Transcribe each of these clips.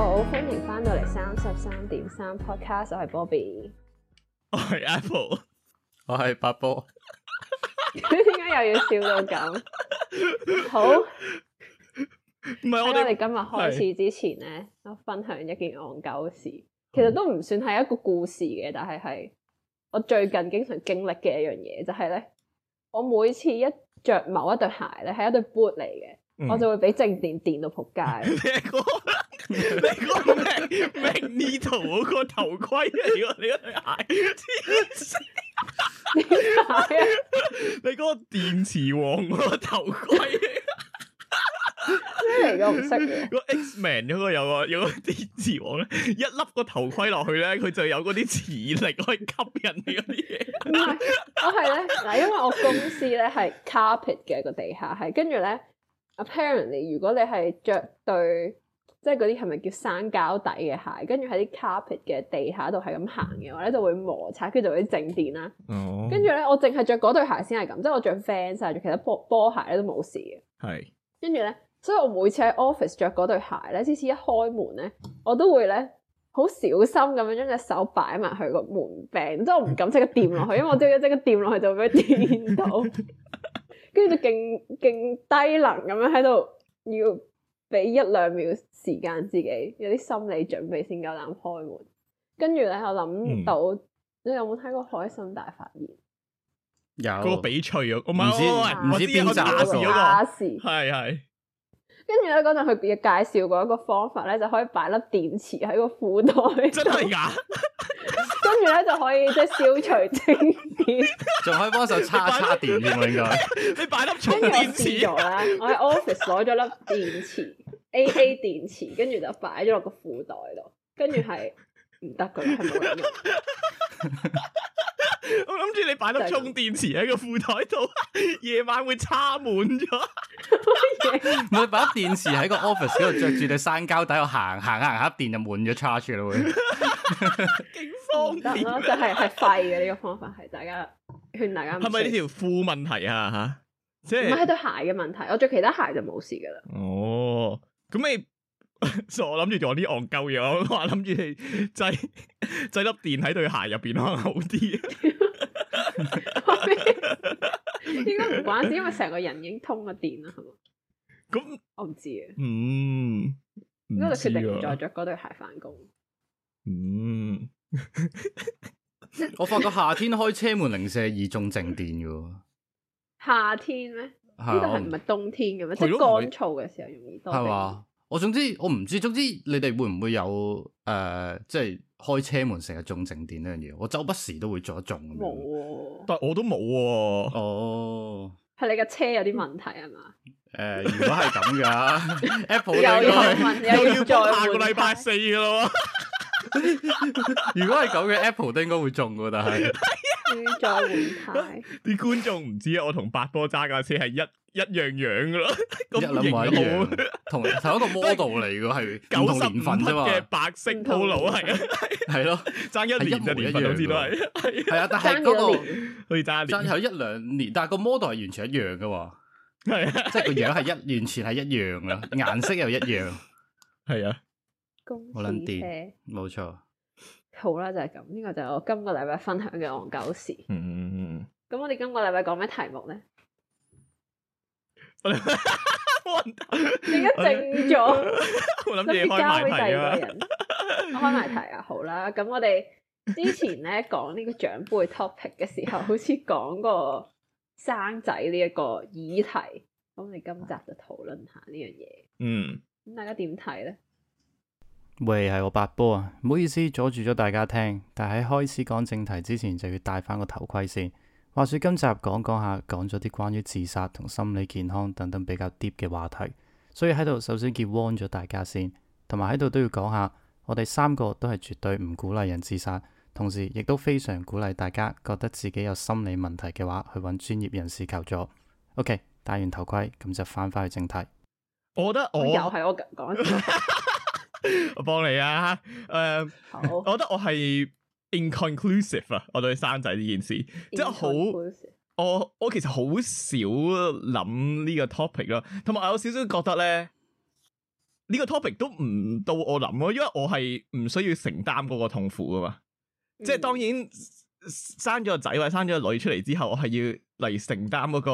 好歡迎翻到嚟三十三點三 podcast，我係 Bobby，我係 Apple，我係八波，點解 又要笑到咁好？唔係是我哋今日開始之前咧，我，我分享一件戇鳩事，其實都唔算係一個故事嘅，但係係我最近經常經歷嘅一樣嘢，就係、是、咧，我每次一着某一對鞋咧，係一對 boot 嚟嘅，嗯、我就會俾靜電電到仆街。 你嗰咩咩，呢頭嗰個頭盔，如果你嗰對鞋，你嗰個電磁王個頭盔，真嚟我唔識。個 Xman 應該有個有個電磁王咧，一粒個頭盔落去咧，佢就有嗰啲磁力可以吸引你嗰啲嘢。唔係，我係咧嗱，因為我公司咧係 carpet 嘅一個地下，係跟住咧，apparently 如果你係着對。即係嗰啲係咪叫生膠底嘅鞋？跟住喺啲 carpet 嘅地下度係咁行嘅話咧，就會摩擦，跟住就會靜電啦。哦。跟住咧，我淨係着嗰對鞋先係咁，即係我着 fans 啊，着其他波波鞋咧都冇事嘅。係。跟住咧，所以我每次喺 office 着嗰對鞋咧，次次一開門咧，我都會咧好小心咁樣將隻手擺埋去個門柄，即係我唔敢即刻掂落去， 因為我知即刻掂落去就會畀佢掂到。跟住 就勁勁低能咁樣喺度要。俾一兩秒時間自己，有啲心理準備先夠膽開門。跟住咧，我諗到你有冇睇過《開心大發現》有？有嗰個比賽我唔知唔知邊扎事？係係、那個。我跟住咧，嗰陣佢亦介紹過一個方法咧，就可以擺粒電池喺個褲袋。真係噶？ 跟住咧就可以即係、就是、消除靜電，仲 可以幫手叉，叉叉電應該。你擺粒充電電池咗啦，我喺 office 攞咗粒電池 AA 電池，跟住就擺咗落個褲袋度，跟住係。唔得噶，係係我諗住你擺粒充電池喺個褲袋度，夜晚會叉滿咗。乜嘢？唔係擺電池喺個 office 嗰度，着住你山膠底度行行行，下，電就滿咗叉住 charge 啦會。勁 方便咯，啊， 就係、是、係廢嘅呢，這個方法，係大家勸大家。係咪呢條褲問題啊？吓、啊，即係唔係對鞋嘅問題？我着其他鞋就冇事噶啦。哦、oh,，咁你。所以 我諗住做啲戇鳩嘢，我話諗住制制粒電喺對鞋入邊可能好啲。 應該唔關事，因為成個人已經通咗電啦，係嘛？咁我唔知啊。嗯，咁我,、嗯、我決定唔再着嗰對鞋翻工。嗯， 我發覺夏天開車門零舍易中靜電噶。 夏天咩？呢度係唔係冬天嘅咩？啊、即係乾燥嘅時候容易多。係嘛？我總之我唔知，總之你哋會唔會有誒、呃，即係開車門成日中靜電呢樣嘢？我周不時都會做中一中，冇啊！但我都冇喎。哦，係你嘅車有啲問題係嘛？誒、呃，如果係咁嘅，Apple 都又要 問，又要 下個禮拜四噶咯。如果係咁嘅，Apple 都應該會中嘅，但係。再換台，啲觀眾唔知我同八哥揸架車係一一樣樣咯，咁一模一樣，同同一個 model 嚟嘅係九年份啫嘛，白色高樓係，係咯，爭一年就唔一樣，好似都係係啊，但係個可以爭爭係一兩年，但係個 model 係完全一樣嘅，係即係個樣係一完全係一樣嘅，顏色又一樣，係啊，公司車冇錯。好啦，就係、是、咁，呢、這個就係我今個禮拜分享嘅戇鳩事。嗯嗯嗯。咁我哋今個禮拜講咩題目咧？ 靜 你而家靜咗，我諗住交俾第二個人開埋題啦。開埋題啊！好啦，咁我哋之前咧講呢講個長輩 topic 嘅時候，好似講過生仔呢一個議題，咁我哋今集就討論下呢樣嘢。嗯。咁大家點睇咧？喂，係我八波啊，唔好意思阻住咗大家聽，但係喺開始講正題之前就要戴翻個頭盔先。話說今集講講下講咗啲關於自殺同心理健康等等比較 deep 嘅話題，所以喺度首先叫 warn 咗大家先，同埋喺度都要講下，我哋三個都係絕對唔鼓勵人自殺，同時亦都非常鼓勵大家覺得自己有心理問題嘅話去揾專業人士求助。OK，戴完頭盔咁就翻翻去正題。我覺得我又係我講。 我幫你啊，誒、um, 好， 我覺得我係 inconclusive 啊，我對生仔呢件事，即係好，我我其實好少諗呢個 topic 咯。同埋我有少少覺得咧，呢、呢個 topic 都唔到我諗咯，因為我係唔需要承擔嗰個痛苦噶嘛，嗯、即係當然生咗個仔或者生咗個女出嚟之後，我係要嚟承擔嗰個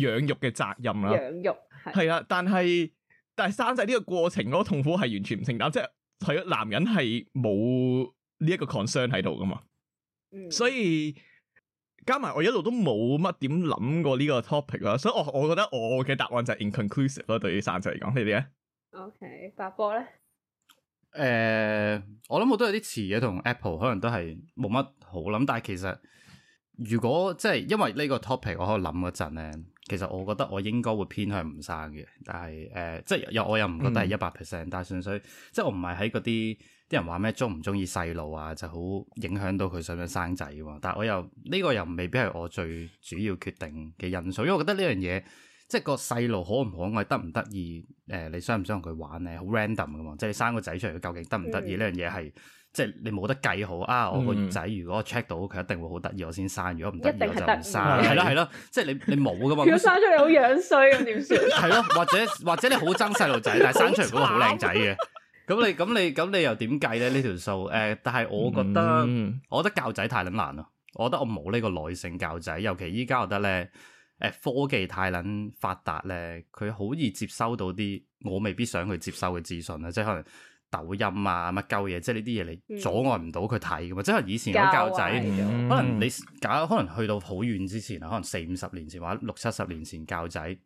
養育嘅責任啦，養育係啊，但係。但係生仔呢個過程嗰痛苦係完全唔承擔，即係男人係冇呢一個 concern 喺度噶嘛，嗯、所以加埋我一路都冇乜點諗過呢個 topic 啦，所以我我覺得我嘅答案就係 inconclusive 咯，對於生仔嚟講，你哋。咧？O K，發波咧？誒、呃，我諗我都有啲詞嘅同 Apple 可能都係冇乜好諗，但係其實如果即係因為呢個 topic，我喺度諗嗰陣咧。其實我覺得我應該會偏向唔生嘅，但係誒、呃，即係又，又我又唔覺得係一百 percent，但係純粹即係我唔係喺嗰啲啲人話咩中唔中意細路啊，就好影響到佢想唔想生仔嘅喎。但係我又呢、呢個又未必係我最主要決定嘅因素，因為我覺得呢樣嘢即係個細路可唔可愛，得唔得意，誒、呃、你想唔想同佢玩咧，好 random 㗎嘛，即你生個仔出嚟佢究竟得唔得意呢樣嘢係。嗯即係你冇得計好啊！我個仔如果 check 到佢一定會好得意，我先生；如果唔得意，我就唔生。係咯係咯，即係你你冇噶嘛？要 生出嚟好樣衰咁點算？係咯， 或者或者你好憎細路仔，但係生出嚟個好靚仔嘅。咁 你咁你咁你又點計咧？呢條數誒，但係我覺得、嗯、我覺得教仔太捻難咯。我覺得我冇呢個耐性教仔，尤其依家我覺得咧，誒科技太捻發達咧，佢好易接收到啲我未必想去接收嘅資訊啊。即係可能。抖音啊，乜鳩嘢？即係呢啲嘢，你阻礙唔到佢睇噶嘛？嗯、即係以前有教仔，教可能你教，可能去到好遠之前啊，嗯、可能四五十年前或者六七十年前教仔，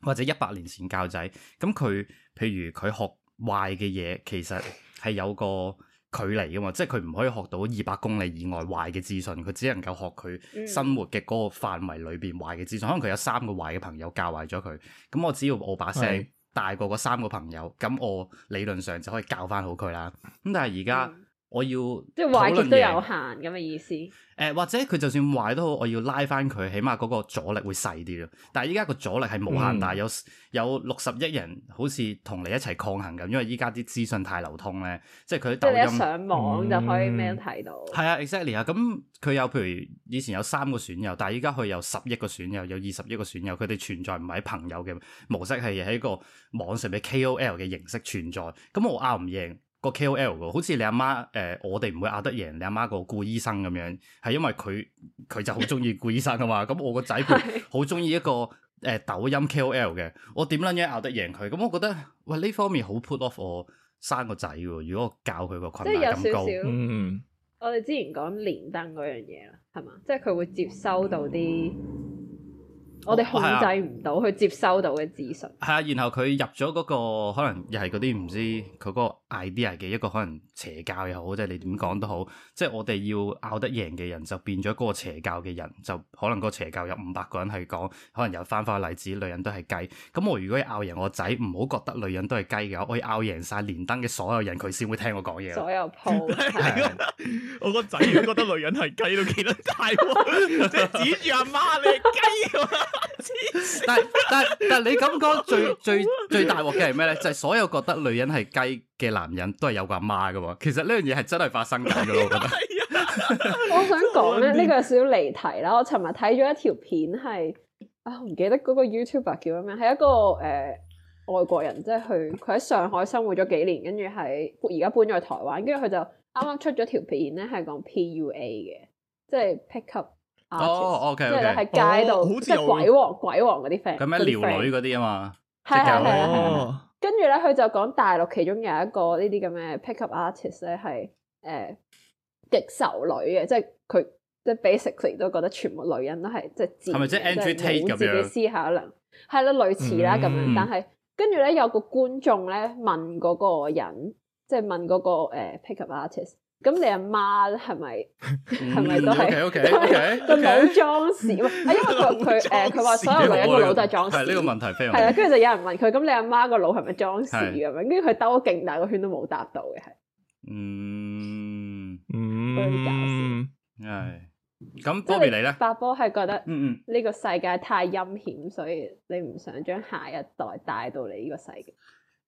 或者一百年前教仔，咁佢譬如佢學壞嘅嘢，其實係有個距離噶嘛，即係佢唔可以學到二百公里以外壞嘅資訊，佢只能夠學佢生活嘅嗰個範圍裏邊壞嘅資訊。嗯、可能佢有三個壞嘅朋友教壞咗佢，咁我只要我把聲。嗯大過嗰三個朋友，咁我理論上就可以教翻好佢啦。咁但係而家。我要即係壞極都有限咁嘅意思。誒，或者佢就算壞都好，我要拉翻佢，起碼嗰個阻力會細啲咯。但係依家個阻力係無限大，嗯、有有六十億人好似同你一齊抗衡咁。因為依家啲資訊太流通咧，即係佢抖音上網就可以咩都睇到。係啊，exactly 啊。咁佢有譬如以前有三個損友，但係依家佢有十億個損友，有二十億個損友。佢哋存在唔係喺朋友嘅模式，係喺一個網上嘅 K O L 嘅形式存在。咁我拗唔贏。個 K O L 噶，好似你阿媽，誒、呃，我哋唔會拗得贏你阿媽個顧醫生咁樣，係因為佢佢就好中意顧醫生啊嘛。咁 我個仔佢好中意一個誒、呃、抖音 K O L 嘅，我點撚樣拗得贏佢？咁我覺得喂呢、呃、方面好 put off 我生個仔噶。如果我教佢個，困係咁高，少。嗯，我哋之前講連登嗰樣嘢啦，係嘛，即係佢會接收到啲。我哋控制唔到去接收到嘅資訊。係啊、嗯、啊，然後佢入咗嗰、那個可能又係嗰啲唔知佢個 idea 嘅一個可能邪教又好，即係你點講都好，即係我哋要拗得贏嘅人就變咗嗰個邪教嘅人，就可能個邪教有五百個人係講，可能又翻返個例子，女人都係雞。咁我如果拗贏我仔，唔好覺得女人都係雞嘅話，我要拗贏晒連登嘅所有人，佢先會聽我講嘢。所有鋪、 啊、我個仔覺得女人係雞都幾得大、啊，即係 指住阿媽你係雞。 但係但係但係你咁講最 最最，最大鑊嘅係咩咧？就係、是、所有覺得女人係雞嘅男人都係有個阿媽噶喎。其實呢樣嘢係真係發生緊噶咯。我覺得。 我想講咧呢、這個有少少離題啦。我尋日睇咗一條片係啊，唔記得嗰個 YouTuber 叫咩？係一個誒、呃、外國人，即係去佢喺上海生活咗幾年，跟住喺而家搬咗去台灣，跟住佢就啱啱出咗條片咧，係講 PUA 嘅，即係 pick up。哦 Art、oh,，OK, okay. 即係喺街度，即係鬼王、oh, 鬼王嗰啲 friend 咁樣撩女嗰啲啊嘛，係係係，跟住咧佢就講大陸其中有一個呢啲咁嘅 pick up artist 咧，係誒極仇女嘅，即係佢即係 basically 都覺得全部女人都係即係，係咪即係 Angie 自己思考能係啦，類似啦咁樣，但係跟住咧有個觀眾咧問嗰個人，即係問嗰個誒、呃、pick up artist。咁你阿媽係咪係咪都係？就冇裝屎，因為佢佢誒，佢話所有女人個腦都係裝屎。係呢個問題，係啦，跟住就有人問佢，咁你阿媽個腦係咪裝屎咁樣？跟住佢兜咗勁大個圈都冇答到嘅。係，嗯嗯嗯，係。咁 Bobby 你咧？發波係覺得，嗯，呢個世界太陰險，所以你唔想將下一代帶到嚟呢個世界。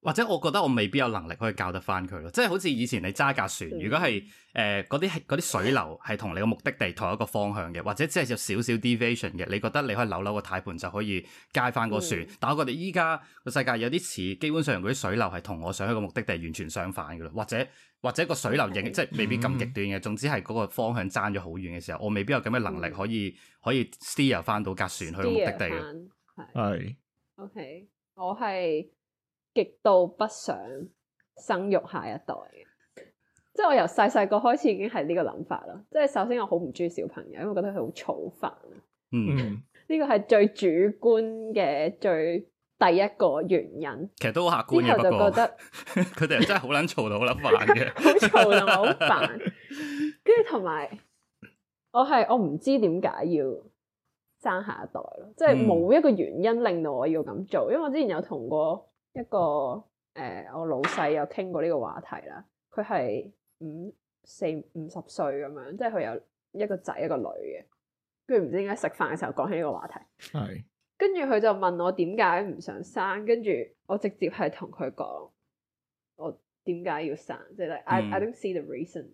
或者我覺得我未必有能力可以教得翻佢咯，即係好似以前你揸架船，嗯、如果係誒嗰啲啲水流係同你個目的地同一個方向嘅，或者只係少少 deviation 嘅，你覺得你可以扭扭個呔盤就可以街翻個船。嗯、但我覺得依家個世界有啲似，基本上嗰啲水流係同我想去個目的地完全相反嘅咯，或者或者個水流型、嗯、即係未必咁極端嘅，總之係嗰個方向爭咗好遠嘅時候，我未必有咁嘅能力可以、嗯、可以 steer 翻到架船去個目的地。係。O K，我係。極度不想生育下一代嘅，即係我由細細個開始已經係呢個諗法咯。即係首先我好唔中意小朋友，因為我覺得佢好嘈煩。煩嗯，呢個係最主觀嘅最第一個原因。其實都好客觀，之後就覺得佢哋、嗯、 真係好撚嘈到好撚煩嘅，好嘈到好煩。跟住同埋，我係我唔知點解要生下一代咯，即係冇一個原因令到我要咁做。因為我之前有同過。一個誒、呃，我老細有傾過呢個話題啦。佢係五四五十歲咁樣，即係佢有一個仔一個女嘅。佢唔知點解食飯嘅時候講起呢個話題。係，是跟住佢就問我點解唔想生，跟住我直接係同佢講我點解要生，即係、like, I、嗯、I don't see the reason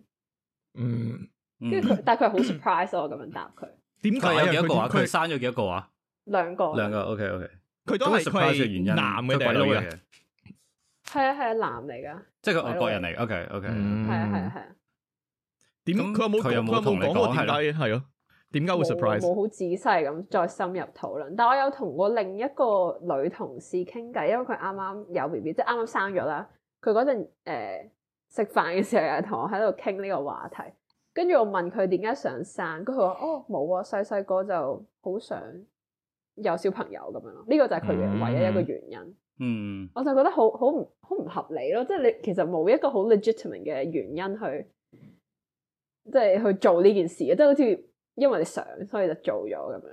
嗯。嗯，跟住 但係佢係好 surprise 我咁樣答佢。點解佢有幾個啊？佢生咗幾多個啊？個啊兩個，兩個。OK OK, okay。佢都係 surprise 嘅原因，男嘅鬼佬嘅，係啊係啊男嚟噶，即係個外國人嚟，OK OK，係啊係啊係啊。點佢有冇同你講過係點解會 surprise？冇好仔細咁再深入討論。但我有同過另一個女同事傾偈，因為佢啱啱有 B B，即係啱啱生咗啦。佢嗰陣誒食飯嘅時候，又同我喺度傾呢個話題。跟住我問佢點解想生，佢話：哦，冇啊，細細個就好想。有小朋友咁樣咯，呢、這個就係佢唯一一個原因。嗯，嗯我就覺得好好唔好唔合理咯，即係你其實冇一個好 legitimate 嘅原因去，即係去做呢件事啊！即係好似因為你想所以就做咗咁樣。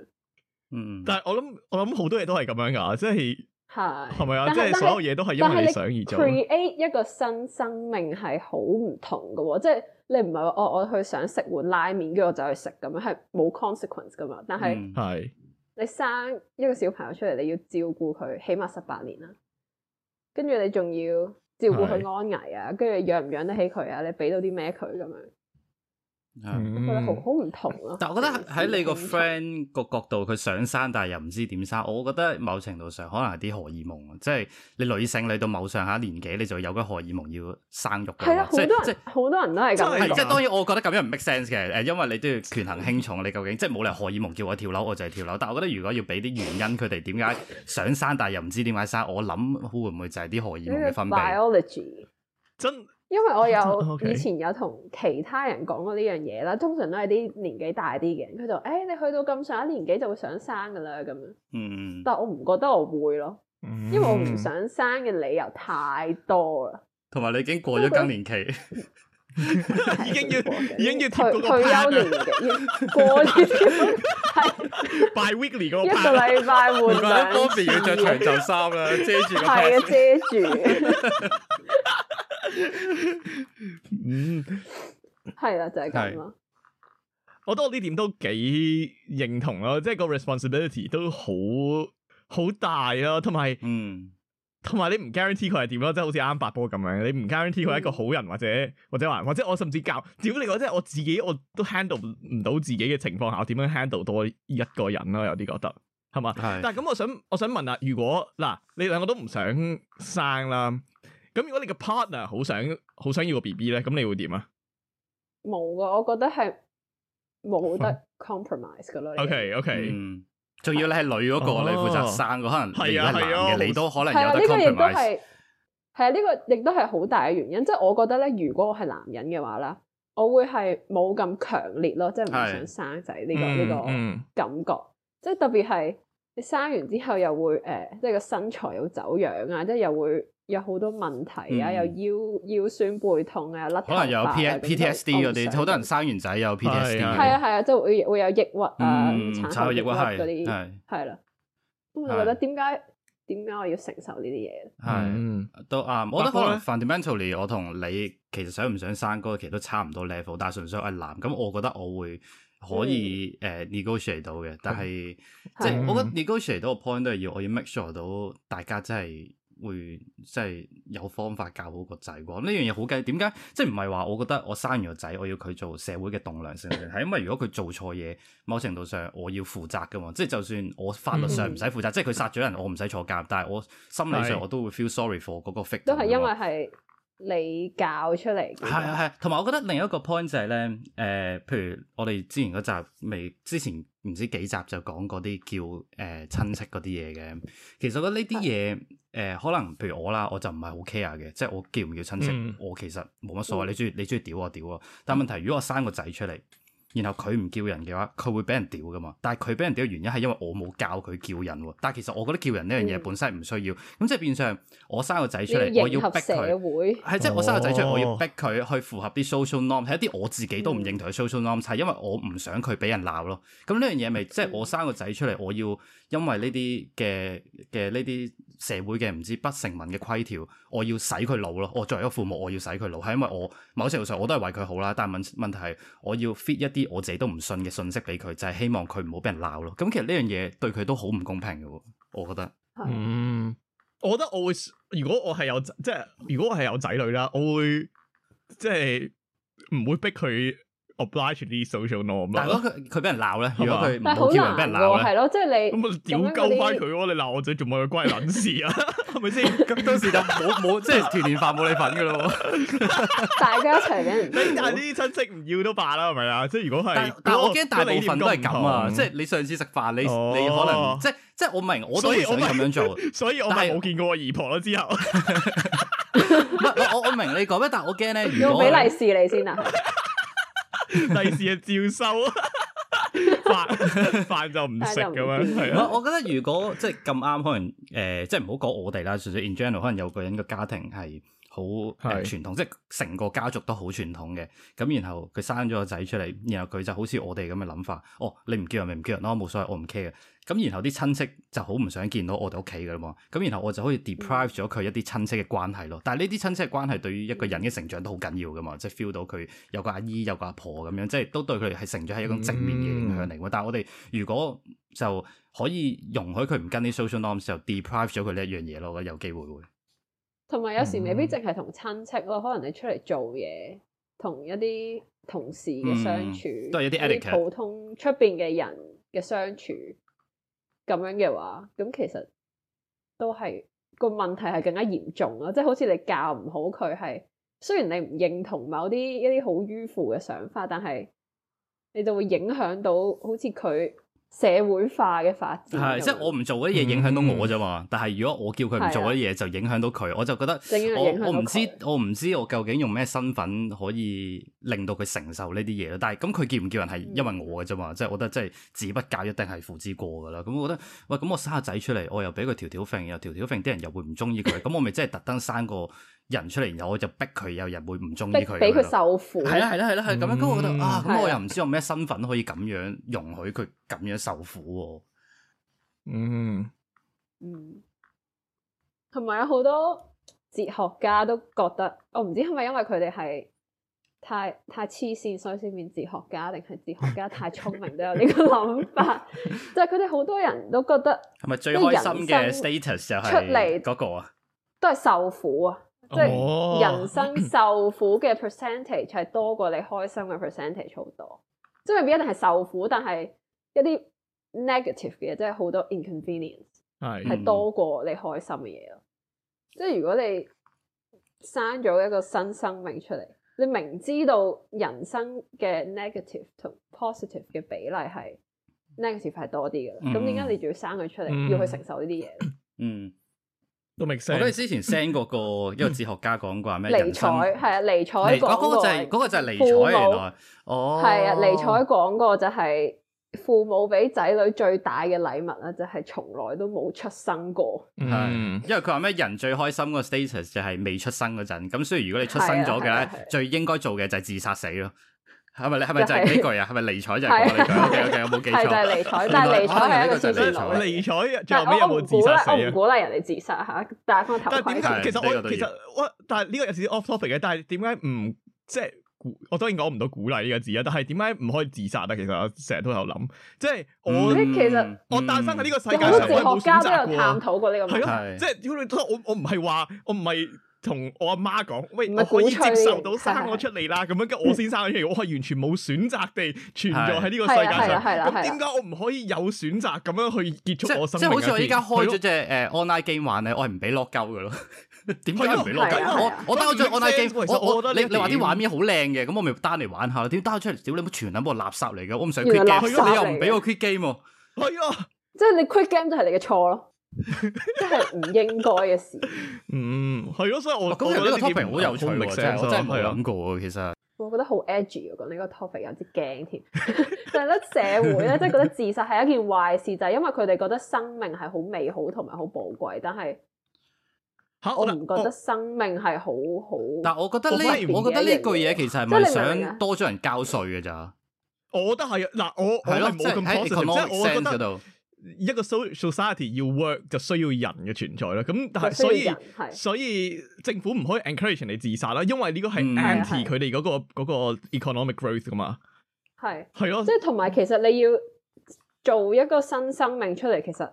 嗯，但係我諗我諗好多嘢都係咁樣噶，即係係係咪啊？即係所有嘢都係因為你想而做。Create 一個新生命係好唔同噶，即係你唔係話我我去想食碗拉麵，跟住我就去食咁樣係冇 consequence 噶嘛？但係係。嗯你生一個小朋友出嚟，你要照顧佢，起碼十八年啦。跟住你仲要照顧佢安危啊，跟住是的 養唔養得起佢啊？你俾到啲咩佢咁樣？係，佢好、嗯，好唔同咯。但係我覺得喺你個 friend 個角度，佢想生，但係又唔知點生。我覺得某程度上可能係啲荷爾蒙，即係你女性你到某上下年紀，你就有嗰荷爾蒙要生育嘅。係啊的，好以多好是多人都係咁。即係當然，我覺得咁樣唔 make sense 嘅。誒，因為你都要權衡輕重，你究竟即係冇理由荷爾蒙叫我跳樓，我就係跳樓。但係我覺得如果要俾啲原因，佢哋點解想生，但係又唔知點解生？我諗會唔會就係啲荷爾蒙嘅分泌？真。因為我有以前有同其他人講過呢樣嘢啦，通常都係啲年紀大啲嘅人，佢就誒，你去到咁上一年紀就會想生噶啦，咁樣。嗯。但係我唔覺得我會咯，因為我唔想生嘅理由太多啦。同埋、嗯、你已經過咗更年期，已經要 已經要退退 休年嘅，要過咗係。By weekly 嗰個 一個禮拜換。唔係方便要着長袖衫啦，遮住係啊，遮住。 嗯，係啦，就係咁咯。我覺得我呢點都幾認同咯，即係個 responsibility 都好好大咯，同埋，嗯，同埋你唔 guarantee 佢係點咯，即係好似啱八波咁樣，你唔 guarantee 佢係一個好人，嗯，或者或者話或者我甚至教，屌你講，即係我自己我都 handle 唔到自己嘅情況下，我點樣 handle 多一個人咯？有啲覺得係嘛？是但係咁，我想我想問啦，如果嗱，你兩個都唔想生啦。咁如果你個 partner 好想好想要個 B B 咧，咁你會點啊？冇噶，我覺得係冇得 compromise 噶咯。O K，O K，嗯，仲要你係女嗰個，啊、你負責生個，可能你係男嘅，你都可能有得 compromise。係啊，呢個亦都係，係啊，呢個亦都係好大嘅原因。即係我覺得咧，如果我係男人嘅話啦，我會係冇咁強烈咯，即係唔想生仔呢個呢個、嗯、感覺。嗯、即係特別係。你生完之後又會誒，即係個身材又走樣啊，即係又會有好多問題啊，又腰腰酸背痛啊，甩頭髮啊，可能有 P T S D 嗰啲，好多人生完仔有 P T S D，係啊係啊，即係會會有抑鬱啊，產後抑鬱係嗰啲係係啦。咁我覺得點解點解我要承受呢啲嘢咧？係都啊，我覺得可能 fundamentally 我同你其實想唔想生嗰個其實都差唔多 level，但係純粹係男，咁我覺得我會。可以誒、uh, negotiate 到嘅，但係即係我覺得 negotiate 到個、嗯、point 都係要我要 make sure 到大家真係會即係有方法教好個仔喎。呢樣嘢好緊，點解即係唔係話我覺得我生完個仔我要佢做社會嘅棟梁成日係， 因為如果佢做錯嘢，某程度上我要負責㗎嘛。即係就算我法律上唔使負責，嗯、即係佢殺咗人我唔使坐監，但係我心理上我都會 feel sorry for 嗰個 fact。都係因為係。 你搞出嚟嘅係係係，同埋我覺得另一個 point 就係、係、咧，誒、呃，譬如我哋之前嗰集未，之前唔知幾集就講嗰啲叫誒、呃、親戚嗰啲嘢嘅，其實覺得呢啲嘢誒，可、呃、能譬如我啦，我就唔係好 care 嘅，即係我叫唔叫親戚，嗯、我其實冇乜所謂，嗯、你中意你中意屌我屌啊，但問題如果我生個仔出嚟，然後佢唔叫人嘅話，佢會俾人屌噶嘛？但係佢俾人屌嘅原因係因為我冇教佢叫人。但係其實我覺得叫人呢樣嘢本身係唔需要。咁、嗯、即係變相我生個仔出嚟、哦，我要逼佢。係即係我生個仔出嚟，我要逼佢去符合啲 social norm，係一啲我自己都唔認同嘅 social norm，係、嗯、因為我唔想佢俾人鬧咯。咁呢樣嘢咪即係我生個仔出嚟，我要因為呢啲嘅嘅呢啲。社會嘅唔知不成文嘅規條，我要洗佢腦咯。我作為一個父母，我要洗佢腦，係因為我某程度上我都係為佢好啦。但係問問題係，我要 fit 一啲我自己都唔信嘅信息俾佢，就係、是、希望佢唔好俾人鬧咯。咁其實呢樣嘢對佢都好唔公平嘅喎，我覺得。嗯的，我覺得我會，如果我係有即係，如果我係有仔女啦，我會即係唔會逼佢。Oblige 啲 social norm，但係佢佢俾人鬧咧，如果佢唔好叫人俾人鬧咧？係咯，即係你咁我屌鳩翻佢，你鬧我仔仲冇佢關你卵事啊？係咪先？咁到時就冇冇即係團年飯冇你份噶咯？大家一齊嘅，但係呢啲親戚唔要都罷啦，係咪啊？即係如果係，但我驚大部分都係咁啊！即係你上次食飯，你你可能即係即係我明，我都唔想咁樣做，所以我係冇見過我姨婆咯。之後唔係我我我明你講咩，但我驚咧如果要俾利是你先啊。 第時， 是啊，照收， 飯飯就唔食咁樣。我我覺得如果即係咁啱，可能誒、呃，即係唔好講我哋啦，純粹 in general，可能有個人個家庭係好傳統，是即係成個家族都好傳統嘅。咁然後佢生咗個仔出嚟，然後佢就好似我哋咁嘅諗法。哦，你唔叫人咪唔叫人咯，冇所謂，我唔 care 嘅。咁然後啲親戚就好唔想見到我哋屋企嘅啦嘛。咁然後我就可以 deprive 咗佢一啲親戚嘅關係咯。但係呢啲親戚嘅關係對於一個人嘅成長都好緊要嘅嘛，即係 feel 到佢有個阿姨，有個阿婆咁樣，即係都對佢係成長係一種正面嘅影響嚟。嗯、但係我哋如果就可以容許佢唔跟啲 social norms 就 deprive 咗佢呢一樣嘢咯，我覺得有機會會。同埋有，有時未必淨係同親戚咯，可能你出嚟做嘢，同一啲同事嘅相處，都係一啲普通出邊嘅人嘅相處。咁樣嘅話，咁其實都係個問題係更加嚴重咯。即係好似你教唔好佢，係雖然你唔認同某啲一啲好迂腐嘅想法，但係你就會影響到好似佢。社會化嘅發展係，即係我唔做嗰啲嘢影響到我啫嘛。嗯、但係如果我叫佢唔做嗰啲嘢，就影響到佢，嗯、我就覺得的我我唔知我唔知我究竟用咩身份可以令到佢承受呢啲嘢咯。但係咁佢叫唔叫人係因為我嘅啫嘛。即係、嗯、我覺得即係子不教一定係父之過噶啦。咁我覺得喂咁我生下仔出嚟，我又俾佢條條揈，又條條揈，啲人又會唔中意佢，咁我咪即係特登生個.人出嚟，然後我就逼佢有人會唔中意佢，俾佢受苦。係啦，係啦，係啦，係咁樣，咁我覺得啊，咁我又唔知有咩身份可以咁樣容許佢咁樣受苦。嗯、mm hmm. 嗯，同埋有好多哲學家都覺得，我唔知係咪因為佢哋係太太黐線，所以先變哲學家，定係哲學家太聰明都 有呢個諗法。就係佢哋好多人都覺得，係咪最開心嘅 status 就係出嚟嗰、嗰個啊？都係受苦啊！即係人生受苦嘅 percentage 係多過你開心嘅 percentage 好多，即係未必一定係受苦，但係一啲 negative 嘅嘢，即係好多 inconvenience 係係多過你開心嘅嘢咯。嗯、即係如果你生咗一個新生命出嚟，你明知道人生嘅 negative 同 positive 嘅比例係 negative 係多啲嘅，咁點解你仲要生佢出嚟，嗯、要去承受呢啲嘢咧？嗯。嗯我覺得之前 send 過個一個哲學家講過咩？尼采係啊，尼采嗰個就係、係、嗰、嗰個就係尼采原來。母哦，係啊，尼采講過就係父母俾仔女最大嘅禮物啦，就係從來都冇出生過。係、嗯，因為佢話咩人最開心嘅 status 就係未出生嗰陣。咁所以如果你出生咗嘅咧，啊啊啊啊、最應該做嘅就係自殺死咯。係咪你係咪就係呢句啊？係咪尼采就係呢句？有冇記錯？就係尼采，但係尼采係一個自殺。彩？尼采最後尾有冇自殺？我唔鼓勵人哋自殺吓，戴翻個頭盔。但係點？其實我其實我但係呢個又是 off topic 嘅。但係點解唔即係我當然講唔到鼓勵呢個字啊。但係點解唔可以自殺？但其實我成日都有諗，即係我。啲其實我誕生喺呢個世界上，我哲學家都有探討過呢個問題。即係如果你都我我唔係話我唔係。同我阿媽講，喂，我可以接受到生我出嚟啦，咁樣跟我先生出嚟，我係完全冇選擇地存在喺呢個世界上。咁點解我唔可以有選擇咁樣去結束我生命？即係好似我依家開咗隻誒 online game 玩咧，我係唔俾落鈎噶咯。點解唔俾落鈎？我我 down 咗 online game，其實我覺得你你話啲畫面好靚嘅，咁我咪 down 嚟玩下咯。點 down 出嚟？屌你咪全諗波垃圾嚟嘅。我唔想 quit game，你又唔俾我 quit game。係啊，即係你 quit game 就係你嘅錯咯。 即係唔應該嘅事，嗯，係咯，所以我覺得呢個 topic 好有趣啊，我真係唔諗過啊，其實我覺得好 edge 啊，講呢個 topic 有啲驚添，但係咧社會咧，即係覺得自殺係一件壞事，就係因為佢哋覺得生命係好美好同埋好寶貴，但係吓我唔覺得生命係好好，但係我覺得呢，我覺得呢句嘢其實係咪想多咗人交稅嘅咋，我覺得係，嗱我係咯，即係度。一個 social society 要 work 就需要人嘅存在啦，咁但係所以所以政府唔可以 encourage 你自殺啦，因為呢個係 anti 佢哋嗰個、嗰個 economic growth 噶嘛，係係咯，即係同埋其實你要做一個新生命出嚟，其實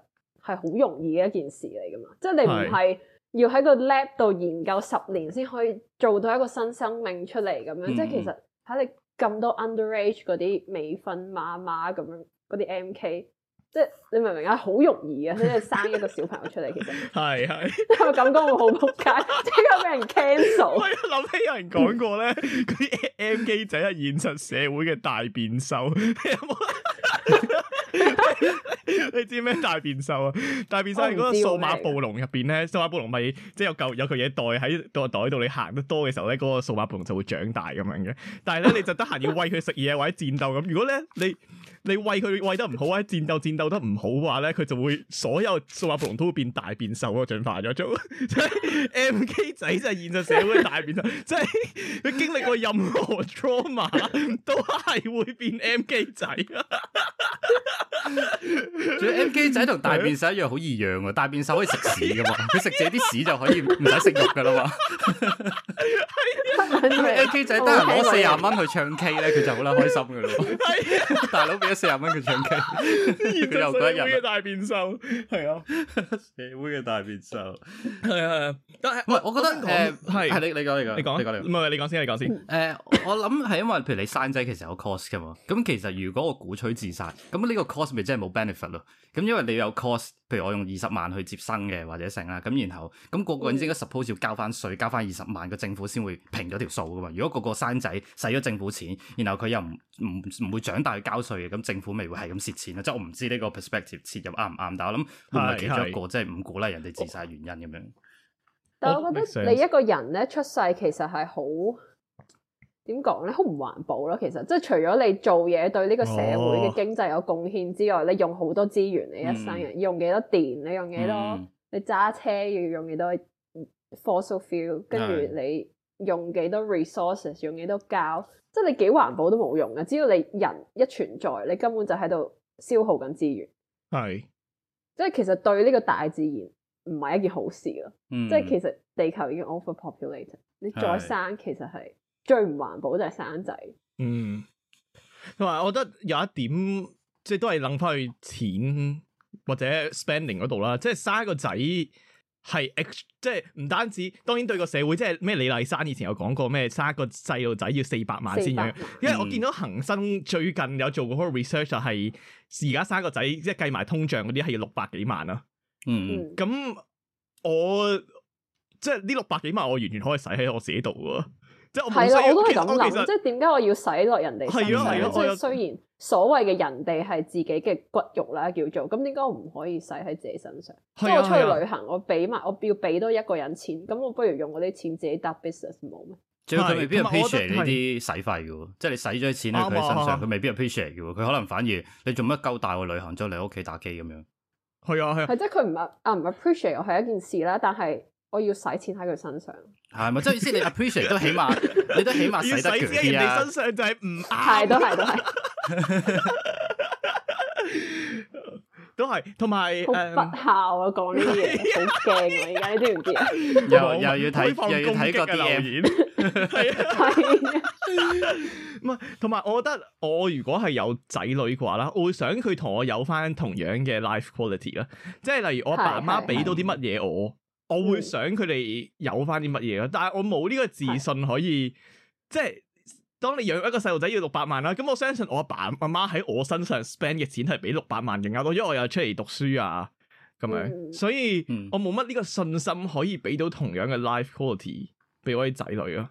係好容易嘅一件事嚟噶嘛，即係是你唔係要喺個 lab 度研究十年先可以做到一個新生命出嚟咁樣，即係、嗯、其實睇你咁多 underage 嗰啲未婚媽媽咁樣嗰啲 mk。即係你明唔明啊？好容易啊！即係生一個小朋友出嚟， 其實係係，呢個是是 感覺會好撲街，即刻俾人 cancel？ 我諗起有人講過咧，佢啲 mk 仔係現實社會嘅大變獸， 你知咩大變獸啊？大變獸係嗰個數碼暴龍入邊咧，數碼麼暴龍咪即係有嚿有嚿嘢袋喺個袋度，你行得多嘅時候咧，嗰、那個數碼暴龍就會長大咁樣嘅。但係咧，你就得閒要餵佢食嘢或者戰鬥咁。如果咧你。你你餵佢餵得唔好啊？戰鬥戰鬥得唔好話咧，佢就會所有數碼暴龍都會變大變獸個進化咗，即 係 M K 仔就係現實社會大變獸，即係佢經歷過任何 trauma 都係會變 M K 仔啊！仲 有 M K 仔同大變獸一樣好易養啊！大變獸可以食屎噶嘛？佢食自己啲屎就可以唔使食肉噶啦嘛？M K 仔得閒攞四十蚊去唱 K 咧，佢就好啦開心噶咯！大佬俾。四十蚊嘅唱 K，佢又一個人。社會大變數，係啊，社會嘅大變數，啊啊啊啊，係係，但係，唔係，我覺得誒，係係，呃啊啊啊，你你講，你講，你講，啊，你講，你唔係你講先，你講先。誒，我諗係因為，譬如你生仔其實有 cost 噶嘛，咁其實如果我鼓吹自殺，咁呢個 cost 咪真係冇 benefit 咯，咁因為你有 cost。譬如我用二十萬去接生嘅，或者成啦，咁 然後咁個、個個人應該 suppose 要交翻稅，交翻二十萬個政府先會平咗條數噶嘛。如果個個生仔使咗政府錢，然後佢又唔唔唔會長大去交稅嘅，咁政府咪會係咁蝕錢啊？即係我唔知呢個 perspective 切入啱唔啱，但係是我諗會唔會係其中一個，即係唔鼓勵人哋自殺原因咁樣。但係我覺得你一個人咧出世其實係好。點講咧，好唔環保咯。其實、啊、即係除咗你做嘢對呢個社會嘅經濟有貢獻之外，你用好多資源，你一生人、嗯、用幾多電，你用幾多，嗯、你揸車要用幾多，fossil fuel，跟住你用幾多 resources，的用幾多膠，即係你幾環保都冇用嘅。只要你人一存在，你根本就喺度消耗緊資源。係的，即係其實對呢個大自然唔係一件好事咯。的即係其實地球已經 overpopulated，你再生其實係。的最唔環保就係生仔，嗯，同埋我覺得有一點即係、就是、都係諗翻去錢或者 spending 嗰度啦，即、就、係、是、生一個仔係 x，即係唔單止，當然對個社會，即係咩李麗珊以前有講過咩，生一個細路仔要四百萬先養，四百萬，因為我見到恒生最近有做過個 research、嗯、就係而家生一個仔即係計埋通脹嗰啲係要六百幾萬啊，嗯，咁、嗯、我即係呢六百幾萬我完全可以使喺我自己度。係啦、啊，我都係咁諗，即係點解我要使落人哋身上？啊啊啊、即係雖然所謂嘅人哋係自己嘅骨肉啦，叫做咁，點解我唔可以使喺自己身上？如果、啊、我出去旅行，我俾埋我要俾多一個人錢，咁我不如用我啲錢自己搭 business 冇咩？仲、啊啊啊啊、要佢未必 appreciate 呢啲使費嘅。即係你使咗錢喺佢身上，佢未必 appreciate 嘅，佢可能反而你做乜鳩大個旅行，將嚟屋企打機咁樣？係啊係，係即係佢唔啊唔 appreciate 我係一件事啦，但係我要使錢喺佢身上。係咪即係意思你 appreciate 都起碼你都起碼使得佢啊？要使喺人哋身上就係唔啱。係都係都係，都係。同埋好不孝啊！講呢啲嘢好勁啊！而家呢啲唔知，又又要睇又要睇個留言。係啊。唔係，同埋我覺得我如果係有仔女嘅話啦，我會想佢同我有翻同樣嘅 life quality 啦。即係例如我阿爸阿媽俾到啲乜嘢我。我會想佢哋有翻啲乜嘢咯，但係我冇呢個自信可以，是即係當你養一個細路仔要六百萬啦，咁我相信我阿爸阿媽喺我身上 spend 嘅錢係比六百萬更加多，因為我又出嚟讀書啊，咁樣，嗯、所以、嗯、我冇乜呢個信心可以俾到同樣嘅 life quality 俾我啲仔女啊。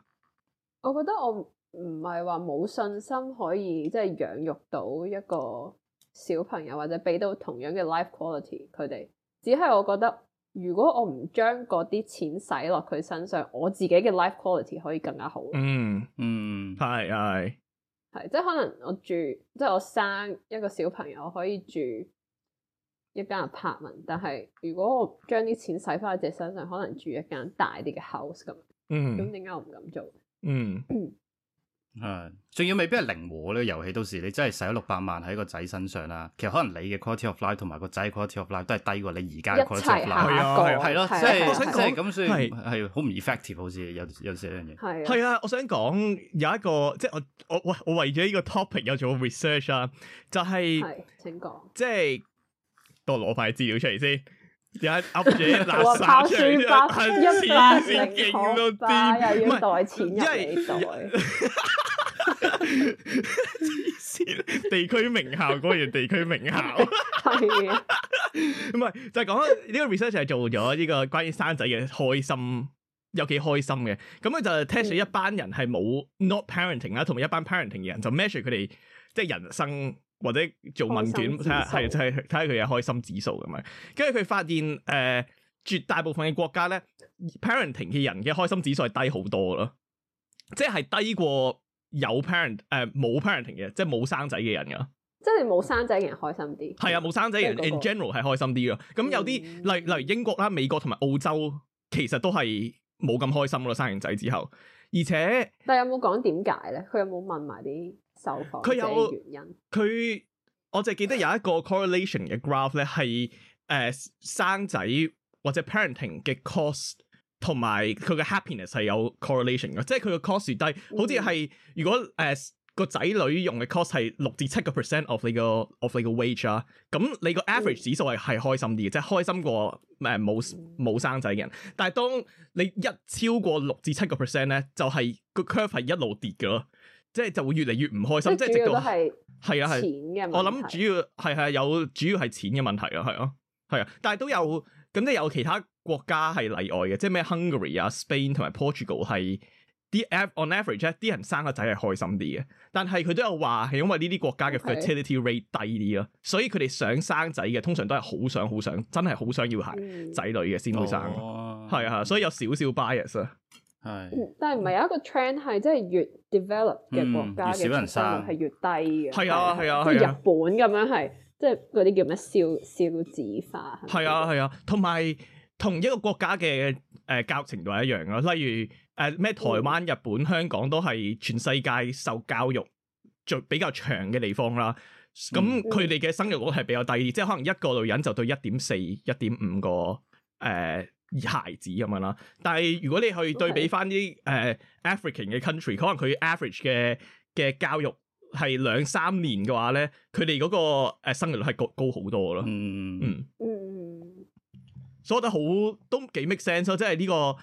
我覺得我唔係話冇信心可以即係養育到一個小朋友或者俾到同樣嘅 life quality 佢哋，只係我覺得。如果我唔將嗰啲錢使落佢身上，我自己嘅 life quality 可以更加好。嗯嗯，係係係，即係可能我住，即係我生一個小朋友，我可以住一間 apartment，但係如果我將啲錢使翻喺只身上，可能住一間大啲嘅 house 咁。嗯，咁點解我唔敢做？嗯、mm.。 係，仲要未必係靈活咧。遊戲到時你真係使咗六百萬喺個仔身上啦，其實可能你嘅 quality of life 同埋個仔 quality of life 都係低過你而家嘅 quality of life 係啊，係咯，即係即係咁，所以係好唔 effective 好似有有時呢樣嘢。係啊，我想講有一個即係我我喂我為咗呢個 topic 有做 research 啦，就係請講，即係多攞塊資料出嚟先。有解 up 住？我拋書包一百零可巴，又要袋錢又幾 地區名校果然地區名校 是的， 係唔係就係講呢個 research 係做咗呢個關於生仔嘅開心，有幾開心嘅，咁佢就 test 咗一班人係冇 not parenting 啦，同埋一班 parenting 嘅人就 measure 佢哋即係人生或者做問卷，係係睇下佢嘅開心指數咁啊，跟住佢發現誒、呃，絕大部分嘅國家咧，parenting 嘅人嘅開心指數係低好多咯，即係低過。有 parent 誒、呃、冇 parenting 嘅，即係冇生仔嘅人㗎，即係冇生仔嘅人開心啲。係啊，冇生仔嘅人、嗰個、in general 係開心啲㗎。咁有啲、嗯、例如例如英國啦、美國同埋澳洲，其實都係冇咁開心咯，生完仔之後，而且但係有冇講點解咧？佢有冇問埋啲手法？佢有原因？佢我就記得有一個 correlation 嘅 graph 咧，係誒、呃、生仔或者 parenting 嘅 cost。同埋佢嘅 happiness 係有，ha 有 correlation 嘅，即係佢個 cost 低，好似係如果誒個仔女用嘅 cost 係六至七個 percent of 你個 of 你個 wage 啦、啊，咁你個 average 指數係係開心啲嘅，即係開心過誒冇冇生仔嘅人。但係當你一超過六至七個 percent 咧，就係、是、個 curve 係一路跌嘅咯，即係就會、是、越嚟越唔開心。即係直到係係啊係，我諗主要係係有主要係錢嘅問題啊，係啊係啊，但係都有。咁即係有其他國家係例外嘅，即係咩 Hungary 啊、Spain 同埋 Portugal 係啲 on average 啲人生個仔係開心啲嘅，但係佢都有話係因為呢啲國家嘅 fertility rate 低啲咯，所以佢哋想生仔嘅通常都係好想好想，真係好想要係仔女嘅先會生，係啊，所以有少少 bias 啊。係，但係唔係有一個 trend 係即係、就是、越 developed 嘅國家越、嗯、越少人生係越低嘅，係啊係啊，啊，啊，啊日本咁樣係。即係嗰啲叫咩少少子化係啊係啊，同埋同一個國家嘅誒、呃、教育程度係一樣咯。例如誒咩、呃、台灣、日本、香港都係全世界受教育最比較長嘅地方啦。咁佢哋嘅生育率係比較低，啲、嗯，嗯、即係可能一個女人就對一點四、一點五個誒孩子咁樣啦。但係如果你去對比翻啲誒 African 嘅 country，可能佢 average 嘅嘅教育。係兩三年嘅話咧，佢哋嗰個誒、呃、生育率係高高好多咯。嗯嗯嗯，嗯所以我覺得好都幾 make sense 即係呢個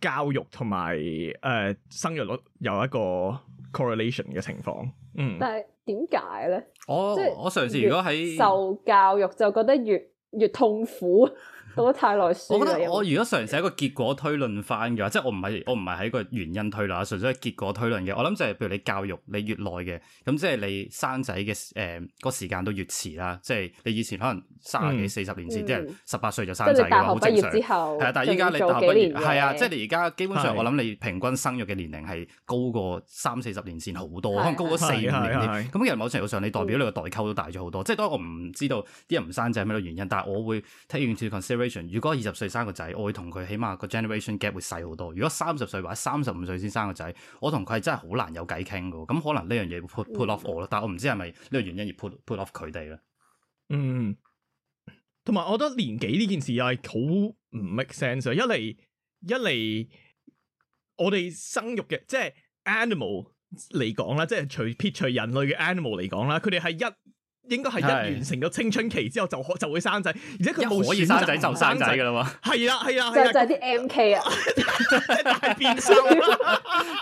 教育同埋誒生育率有一個 correlation 嘅情況。嗯，但係點解咧？我即係是我嘗試如果喺受教育就覺得越越痛苦。 我覺太耐需。我覺得我如果嘗試一個結果推論翻嘅話， 即係我唔係我唔係喺個原因推論啊，純粹係結果推論嘅。我諗就係譬如你教育你越耐嘅，咁即係你生仔嘅誒個時間都越遲啦。即係你以前可能三十幾四十年前，啲、嗯嗯、人十八歲就生仔咯，好正常。之係啊，但係依家你大學畢業係啊，即係你而家基本上我諗你平均生育嘅年齡係高過三四十年前好多，的可能高咗四五年啲。咁、嗯、其實某程度上你代表你個代溝都大咗好多。嗯、即係當然我唔知道啲人唔生仔係咩原因，但係我會如果二十歲生個仔，我會同佢起碼個 generation gap 會細好多。如果三十歲或者三十五歲先生個仔，我同佢係真係好難有偈傾噶。咁可能呢樣嘢會 put put off 我咯，但係我唔知係咪呢個原因要 put put off 佢哋喇。嗯，同埋我覺得年紀呢件事又係好唔 make sense。一嚟一嚟，我哋生育嘅即係 animal 嚟講啦，即係除撇除人類嘅 animal 嚟講啦，佢哋係一。.應該係一完成咗青春期之後，就可就會生仔，而且佢冇選擇，可以生仔就生仔噶啦嘛。係啊，係 啊 變秀，就就啲 M K 啊，變生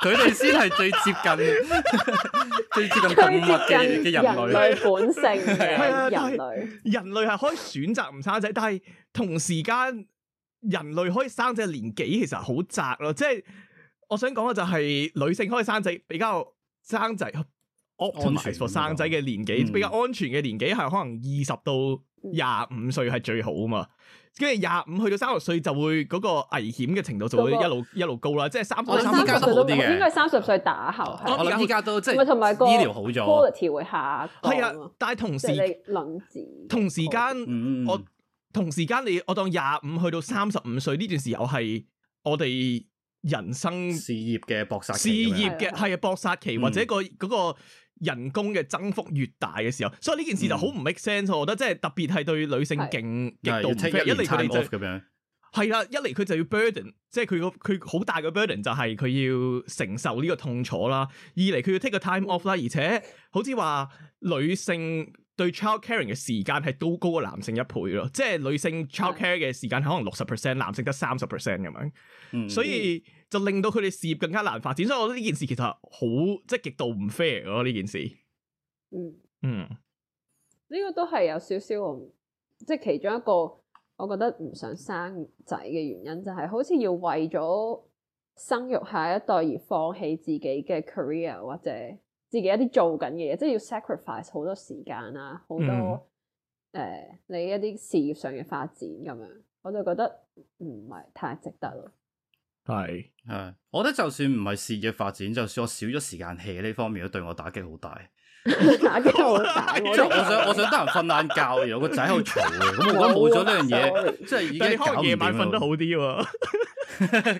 佢哋先係最接近 最接近動物嘅嘅人類，人類本性係啊人類。人類係可以選擇唔生仔，但係同時間人類可以生仔嘅年紀其實好窄咯。即係我想講嘅就係女性可以生仔比較生仔。同埋學生仔嘅年紀比較安全嘅年紀係可能二十到廿五歲係最好啊嘛，跟住廿五去到三十歲就會嗰個危險嘅程度就會一路一路高啦，即係三十依家都好啲嘅，應該三十歲打後係。我諗依家都即係同埋個醫療好咗 quality 會好係啊。但係同時，同時同時間，我同時間你我當廿五去到三十五歲呢段時候係我哋人生事業嘅搏殺事業嘅係搏殺期或者個個。人工嘅增幅越大嘅時候，所以呢件事就好唔 make sense。嗯、我覺得即係特別係對女性勁極度唔 fit。一嚟佢就係咁樣，係啦間。一嚟佢就要 burden，即係佢個佢好大嘅 burden 就係佢要承受呢個痛楚啦。二嚟佢要 take 個 time off 啦，而且好似話女性對 child caring 嘅時間係都高過男性一倍咯。即係女性 child care 嘅時間係可能六十 percent，男性得三十 percent 咁樣。所以。嗯，所以就令到佢哋事業更加難發展，所以我覺得呢件事其實好即係極度唔 fair 咯。呢件事，嗯嗯，呢、嗯、個都係有少少，即係其中一個我覺得唔想生仔嘅原因、就係，就係好似要為咗生育下一代而放棄自己嘅 career 或者自己一啲做緊嘅嘢，即係要 sacrifice 好多時間啊，好多誒、嗯呃、你一啲事業上嘅發展咁樣，我就覺得唔係太值得咯。係，係是，我覺得就算唔係事業發展，就算我少咗時間 hea 呢方面都對我打擊好大， 打擊好大。我想，我想得人瞓晏覺，我我 我有我個仔好嘈，咁我而家冇咗呢樣嘢，即係已經。夜晚瞓得好啲喎，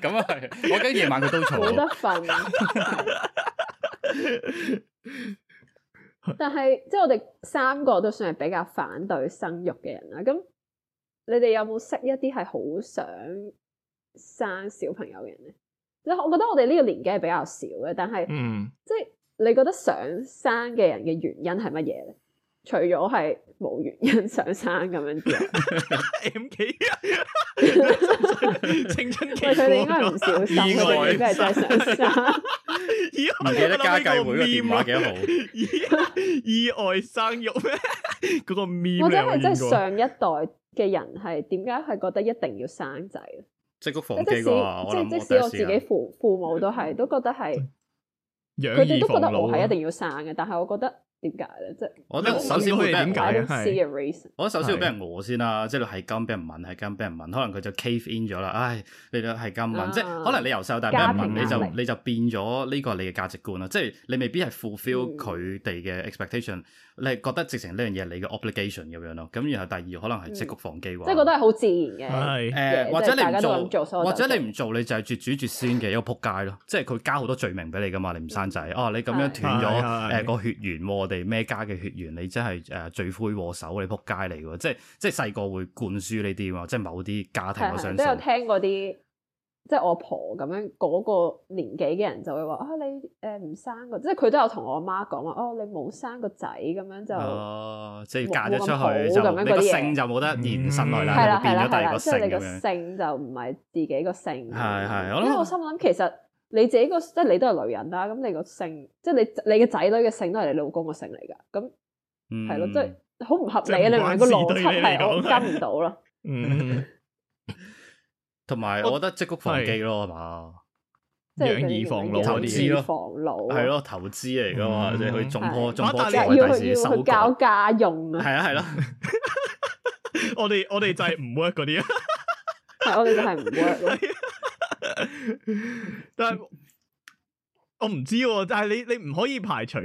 咁啊係，我驚夜晚佢都嘈。冇得瞓。但係，即係我哋三個都算係比較反對生育嘅人啦。咁你哋有冇識一啲係好想？生小朋友嘅人咧，我我覺得我哋呢個年紀係比較少嘅。但係，嗯、即係你覺得想生嘅人嘅原因係乜嘢咧？除咗係冇原因想生咁樣嘅，M K 啊，佢哋應該唔少意外，真係想生，唔 外生 記得家計會嘅電話幾多號？意 外生育咩？嗰 個咩面？或者係即係上一代嘅人係點解係覺得一定要生仔？即係即係是即使我自己父父母都係都覺得係佢哋都覺得我係一定要生嘅，是但係我覺得。點解咧？即係我覺得首先會俾人 see 我首先會俾人餓先啦，即係你係咁俾人問係咁俾人問，可能佢就 cave in 咗啦。唉，你咧係咁問，即係可能你由細到大俾人問，你就你就變咗呢個你嘅價值觀啦。即係你未必係 fulfill 佢哋嘅 expectation，你係覺得直情呢樣嘢你嘅 obligation 咁樣咯。咁然後第二可能係積穀防饑。即係覺得係好自然嘅。係或者你唔做，或者你唔做，你就係絕子絕孫嘅一個扑街咯。即係佢加好多罪名俾你㗎嘛，你唔生仔，哦，你咁樣斷咗誒個血緣。我哋咩家嘅血緣，你真係誒罪魁禍首，你仆街嚟嘅，即係即係細個會灌輸呢啲嘛，即係某啲家庭我相信都有聽過啲，即係我婆咁樣嗰個年紀嘅人就會話啊，你誒唔生個，即係佢都有同我媽講話哦，你冇生個仔咁樣就即係嫁咗出去，就咁樣個姓就冇得延伸落嚟。係啦，係啦，變咗第二個姓，即係你個姓就唔係自己個姓。係係，因為我心諗其實。你自己個即係你都係女人啦，咁你個姓，即係你你嘅仔女嘅姓都係你老公嘅姓嚟噶，咁係咯，即係好唔合理啊！你話個邏輯係跟唔到咯。嗯，同埋我覺得積谷防飢咯，係嘛，養兒防老嗰啲咯，防老係咯，投資嚟噶嘛，你去種棵種棵樹去交家用啊，係啊，係咯。我哋我哋就係唔 work 嗰啲啊，係我哋就係唔 work 咯。 但係我唔知喎，啊，但係你你唔可以排除。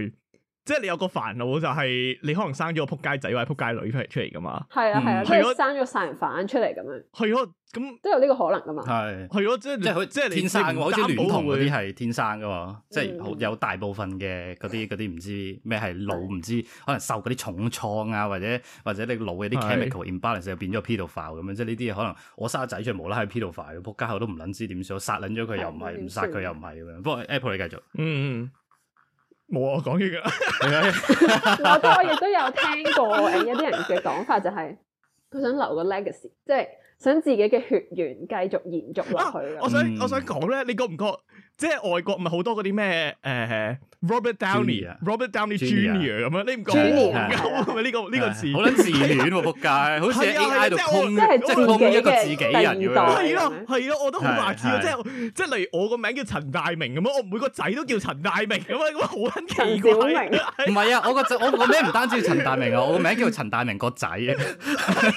即係你有個煩惱就係你可能生咗個撲街仔或者撲街女出嚟出嚟噶嘛？係啊係啊，係生咗殺人犯出嚟咁樣。係咯，咁都有呢個可能噶嘛？係係咯，即係即係天生喎，好似戀童嗰啲係天生噶喎，即係好有大部分嘅嗰啲啲唔知咩係腦唔知可能受嗰啲重創啊，或者或者你腦嘅啲 chemical imbalance 又變咗個 pedophile 咁樣，即係呢啲嘢可能我生個仔出嚟無啦啦 pedophile，撲街後都唔捻知點算，我殺捻咗佢又唔係，唔殺佢又唔係咁樣。不過 Apple 你繼續，嗯。冇啊，講完㗎。我 我亦都有聽過誒， 有啲人嘅講法就係、是、佢想留個 legacy，即係想自己嘅血緣繼續延續落去，啊。我想、嗯、我想講咧，你覺唔覺？即係外國唔係好多嗰啲咩誒 Robert Downey Robert Downey Junior 咁樣，你唔講好戇鳩啊。呢個呢個字好撚自戀喎仆街，好似喺 AI 度抨，即係抨一個自己人咁樣。係咯係咯，我都好牙笑。即係即係例如我個名叫陳大明咁樣，我每個仔都叫陳大明咁樣，咁好撚奇怪。唔係啊，我個仔我我咩唔單止陳大明啊，我個名叫陳大明個仔啊。啊！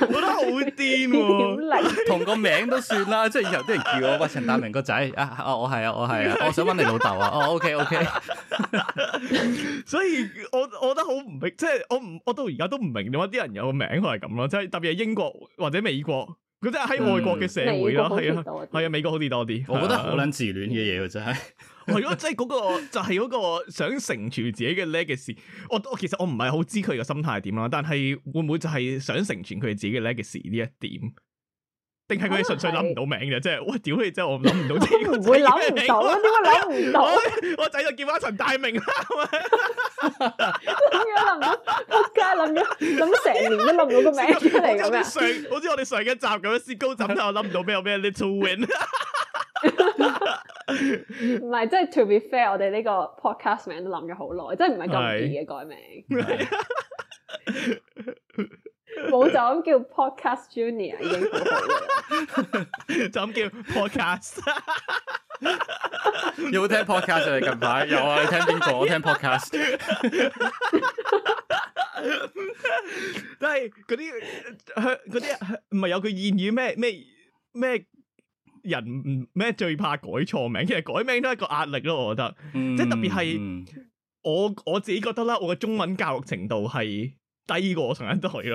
我覺得好癲，同個名都算啦，即係人。即係 叫我喂陳大明個仔啊！哦，我係啊，我係啊，我，啊 我想揾你老豆啊！哦、OK，OK，OK、OK。 所以我我覺得好唔明，即係我唔，我到而家都唔明點解啲人有個名係咁咯，即係特別係英國或者美國，佢真係喺外國嘅社會咯，係啊，係啊，美國好啲多啲。嗯、多我覺得好撚自戀嘅嘢，真係、啊。如果即係嗰個就係嗰個想成全自己嘅 legacy， 我我其實我唔係好知佢個心態係點啦，但係會唔會就係想成全佢自己嘅 legacy 呢一點？定係佢哋純粹諗唔到名嘅，即係我屌你！真係我諗唔到。唔會諗唔到，點解諗唔到？我仔就叫翻陳大明啦。咁樣諗，仆街諗咗咁成年都諗唔到個名出嚟，咁樣。上，好似我哋上一集咁樣，C 高集我諗唔到咩咩，little win。唔係，即係 To be fair，我哋呢個 Podcast 名都諗咗好耐，即係唔係咁易嘅改名。冇就咁叫 Podcast Junior，已經 好就咁叫 Podcast。有冇聽 Podcast 啊？近排有啊？你聽邊個？我聽 Podcast。即係嗰啲，嗰啲唔係有句諺語咩咩咩人咩最怕改錯名，其實改名都係一個壓力咯。我覺得，嗯、即係特別係、嗯、我我自己覺得啦，我嘅中文教育程度係。低過我同日都可以，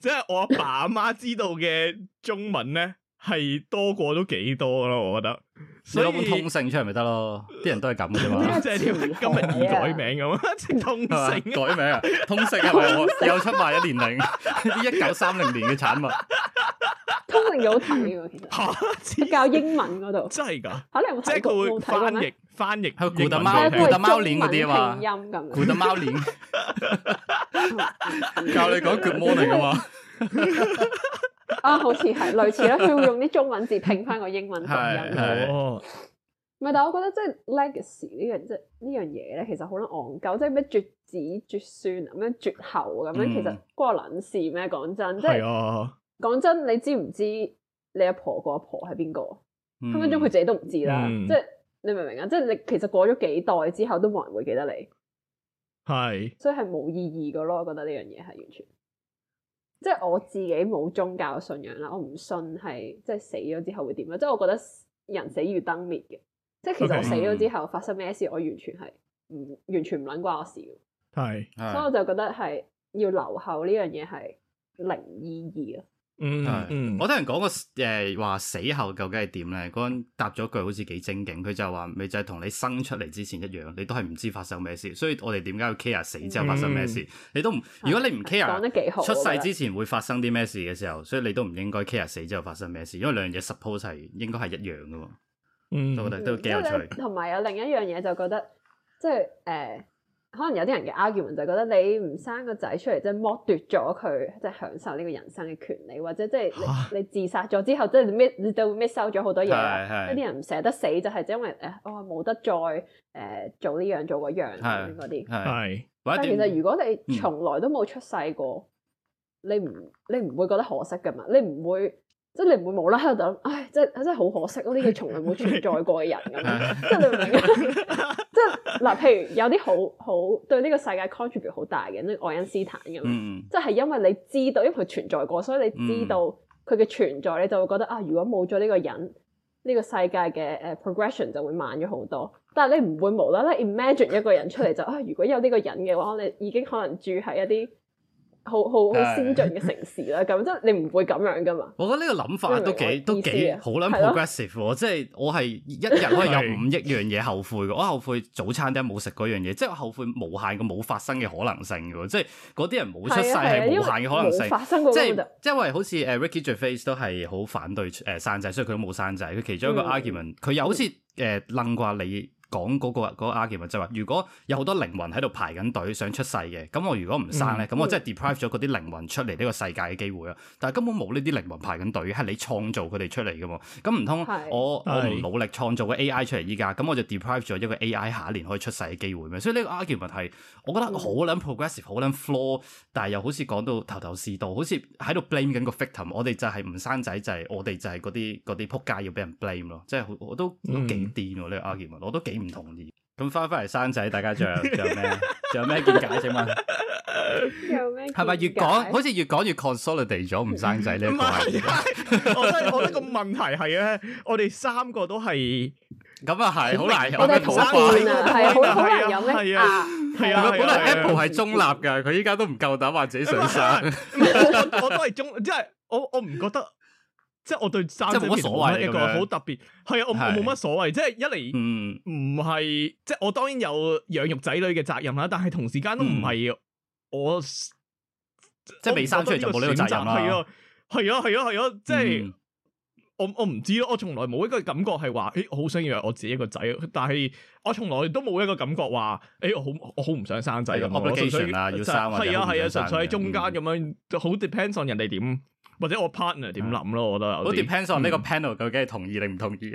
即係我阿爸阿媽知道嘅中文咧。係多過都幾多咯，我覺得，你攞本通勝出嚟咪得咯，啲人都係咁嘅啫嘛，即係今日宜改名咁，即係通勝改名，通勝係咪我又出賣咗年齡啲一九三零年嘅產物？通勝有睇只教英文嗰度真係噶，可能即係佢會翻譯翻譯 Good morning，Good morning 嗰啲啊嘛，拼音咁 Good morning 教你講 Good morning 嘅嘛。啊，好似係類似啦，佢會用啲中文字拼翻個英文讀音係唔係？但係我覺得即係 legacy 呢樣即係呢樣嘢咧，其實好卵戇鳩，即係咩絕子絕孫咁樣咩絕後咁樣，其實關我捻事咩？講真，即係講真，你知唔知你阿婆個阿婆係邊個？分分鐘佢自己都唔知啦。即係你明唔明啊？即係你其實過咗幾代之後，都冇人會記得你。係，所以係冇意義噶咯。我覺得呢樣嘢係完全。即係我自己冇宗教信仰啦，我唔信係即係死咗之後會點樣，即係我覺得人死如燈滅嘅，即係其實我死咗之後發生咩事，我完全係唔完全唔諗關我事係，所以我就覺得係要留後呢樣嘢係零意義啊。嗯、mm hmm.，我聽人講過誒話死後究竟係點咧？嗰人答咗句好似幾精警，佢就話咪就係、是、同你生出嚟之前一樣，你都係唔知發生咩事，所以我哋點解要 care 死之後發生咩事？Mm hmm. 你都唔，如果你唔 care，講得幾好，出世之前會發生啲咩事嘅時候，所以你都唔應該 care 死之後發生咩事，因為兩樣嘢 suppose 係應該係一樣噶。我、mm hmm. 覺得都幾有趣，同埋、嗯、有另一樣嘢就覺得即係誒。就是呃可能有啲人嘅 argument 就覺得你唔生個仔出嚟，即係剝奪咗佢即係享受呢個人生嘅權利，或者即係你自殺咗之後，即係咩你就會咩收咗好多嘢。一啲人唔捨得死就係因為誒，哇冇得再誒做呢樣做嗰樣嗰啲。係，但其實如果你從來都冇出世過，你唔你唔會覺得可惜㗎嘛？你唔會即係你唔會冇啦啦就諗，唉，即係即係好可惜咯！呢個從來冇存在過嘅人咁，真係你明？即係嗱，譬如有啲好好對呢個世界 contribute 好大嘅，呢愛因斯坦咁，mm hmm. 即係因為你知道，因為佢存在過，所以你知道佢嘅存在，你就會覺得啊，如果冇咗呢個人，呢、這個世界嘅誒、uh, progression 就會慢咗好多。但係你唔會無啦啦 imagine 一個人出嚟就啊，如果有呢個人嘅話，你已經可能住喺一啲。好好，好先進嘅城市啦，咁即係你唔會咁樣噶嘛？我覺得呢個諗法都幾都幾好撚 progressive。即係 吧我係一日可以有五億樣嘢後悔嘅， 對我後悔早餐啲冇食嗰樣嘢，即係我後悔無限個冇發生嘅可能性嘅，即係嗰啲人冇出世係無限嘅可能性。即係因為好似誒 Ricky Gervais 都係好反對誒生仔，所以佢都冇生仔。佢其中一個 argument，佢 又好似誒愣過你。講嗰、那個嗰、那個 argument 就係話，如果有好多靈魂喺度排緊隊想出世嘅，咁我如果唔生咧，咁、嗯、我真係 deprive 咗嗰啲靈魂出嚟呢個世界嘅機會啊。嗯、但係根本冇呢啲靈魂排緊隊，係你創造佢哋出嚟嘅喎。咁唔通我是我唔努力創造個 AI 出嚟依家，咁我就 deprive 咗一個 AI 下一年可以出世嘅機會咩？所以呢個 argument 係我覺得好撚 progressive，好撚 flaw，但係又好似講到頭頭是道，好似喺度 blame 緊個 victim 我、就是我 blame，就是。我哋就係唔生仔就係我哋就係嗰啲嗰啲仆街要俾人 blame 咯，即係我都都幾癲喎呢、這個 argument，我都幾。唔同意，咁翻翻嚟生仔，大家仲有仲有咩？仲有咩見解？請問有咩？係咪越講好似越講越 consolidate 咗唔生仔呢？我真係覺得個問題係咧，我哋三個都係咁啊，係好難有生卵啊，好難有啊，係啊，係啊，本來 Apple 係中立噶，佢依家都唔夠膽話自己想生，我我都係中，即係我我唔覺得。即係我對生仔其實冇乜一個好特別，係啊，我冇乜所謂。即係一嚟唔係，即係我當然有養育仔女嘅責任啦，但係同時間都唔係我即係未生出嚟就冇呢個責任啦。係啊，係啊，係啊，即係我我唔知咯。我從來冇一個感覺係話，誒，我好想要我自己一個仔。但係我從來都冇一個感覺話，誒，我好我好唔想生仔咁咯。純粹啦，要生啊，係啊係啊，純粹喺中間咁樣，好 depends on 人哋點。或者我 partner 點諗咯，我都有。好 depends on 呢個 panel 究竟係同意定唔同意。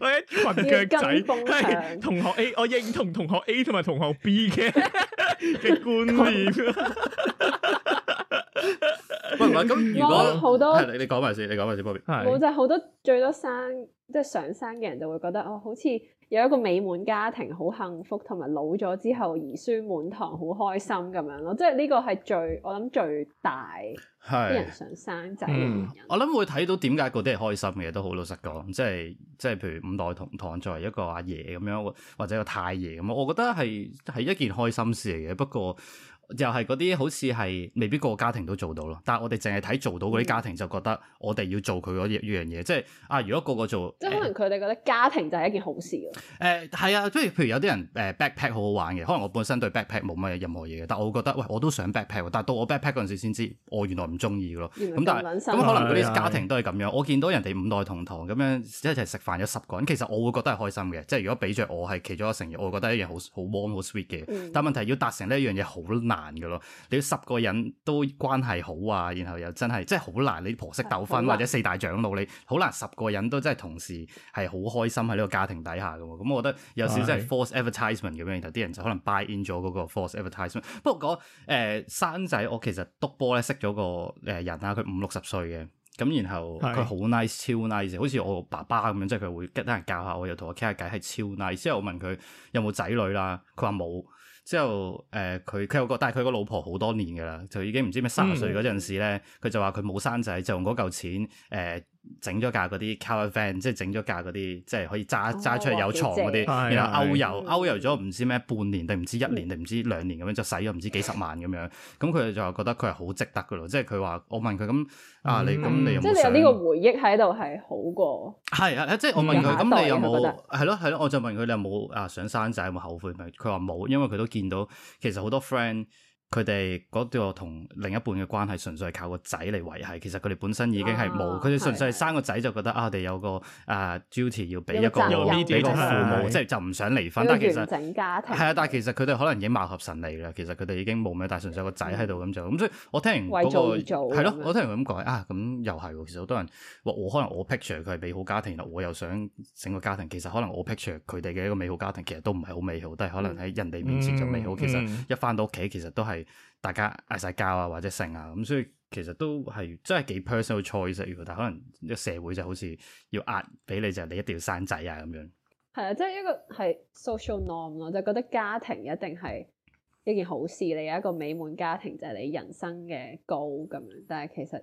係裙腳仔，同學 A 我認同同學 A 同埋同學 B 嘅嘅觀念。 喂咁如果好多，你你講埋先，你講埋先，波比。Bobby、是我就係好多最多生即係上生嘅人就會覺得哦，好似。有一個美滿家庭，好幸福，同埋老咗之後兒孫滿堂，好開心咁樣咯。即係呢個係最我諗最大，係是啲人想生仔。嗯、人我諗會睇到點解嗰啲係開心嘅，都好老實講，即係即係譬如五代同堂，作為一個阿爺咁樣，或者一個太爺咁樣，我覺得係係一件開心事嚟嘅。不過，又係嗰啲好似係未必個個家庭都做到咯，但係我哋淨係睇做到嗰啲家庭就覺得我哋要做佢嗰樣嘢，嗯、即係啊！如果個個做，即係可能佢哋覺得家庭就係一件好事咯。誒係、欸、啊，即係譬,譬如有啲人誒、呃、backpack 好好玩嘅，可能我本身對 backpack 冇乜任何嘢嘅，但我覺得喂我都想 backpack 但到我 backpack 嗰陣時先知我原來唔中意嘅咯。原來唔咁但係可能嗰啲家庭都係咁樣。嗯、我見到人哋五代同堂咁樣一齊食飯有十個人，其實我會覺得係開心嘅。即係如果俾著我係其中一個成員，我會覺得一樣好好 warm 好 sweet 嘅。嗯、但係問題要達成呢一樣嘢好難難噶咯，你要十個人都關係好啊，然後又真係，真係好難。你婆媳糾紛或者四大長老，你好難十個人都真係同時係好開心喺呢個家庭底下噶。咁、嗯、我覺得有少少即係 false advertisement 咁樣，就啲人就可能 buy in 咗嗰個 false advertisement。不過講誒，生、呃、仔我其實督波咧識咗個誒人啊，佢五六十歲嘅，咁然後佢好 nice，超 nice，好似我爸爸咁樣，即係佢會得人教下我，又同我傾下偈，係超 nice。之後我問佢有冇仔女啦，佢話冇。之後，誒佢佢有個，但係佢個老婆好多年㗎啦，就已經唔知咩三十歲嗰陣時咧，佢、嗯、就話佢冇生仔，就用嗰嚿錢、呃整咗架嗰啲 caravan 即係整咗架嗰啲。即、就、係、是、可以揸揸出去有床嗰啲，哦、然後歐遊歐、嗯、遊咗唔知咩半年定唔知一年定唔知兩年咁樣就使咗唔知幾十萬咁樣，咁佢就覺得佢係好值得噶咯，即係佢話我問佢咁啊你咁、啊你，啊、你有冇、嗯、即係你有呢個回憶喺度係好過係啊，即係我問佢咁你有冇係咯係咯我就問佢你有冇啊想生仔有冇後悔咪佢話冇，因為佢都見到其實好多 friend。佢哋嗰個同另一半嘅關係純粹係靠個仔嚟維繫，其實佢哋本身已經係冇，佢哋、啊、純粹係生個仔就覺得的啊，我哋有個啊 duty 要俾一個俾個父母，啊、的即係就唔想離婚。有有完整家庭，但係其實係啊，但係其實佢哋可能已經貌合神離啦。其實佢哋已經冇咩，但係純粹個仔喺度咁做。咁所以我聽人嗰、嗰個係咯，我聽人佢咁講啊，咁又係喎。其實好多人話我可能我 picture 佢係美好家庭啦，我又想整個家庭。其實可能我 picture 佢哋嘅一個美好家庭，其實都唔係好美好，但係可能喺人哋面前就美好。嗯、其實一返到屋企，其實都係。大家嗌晒交啊，或者性啊，咁、嗯、所以其實都係真係幾 personal choice 要，但可能個社會就好似要壓俾你就係、你一定要生仔啊咁樣。係啊，即係一個係 social norm 咯，就覺得家庭一定係一件好事，你有一個美滿家庭就係你人生嘅高咁樣。但係其實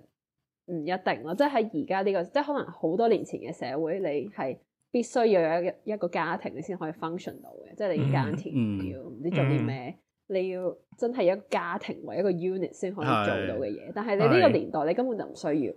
唔一定咯，即係喺而家呢個，即係可能好多年前嘅社會，你係必須要有一一個家庭你先可以 function 到嘅，嗯、即係你耕田要唔、嗯、知做啲咩。嗯你要真係一個家庭為一個 unit 先可以做到嘅嘢，是但係你呢個年代你根本就唔需要。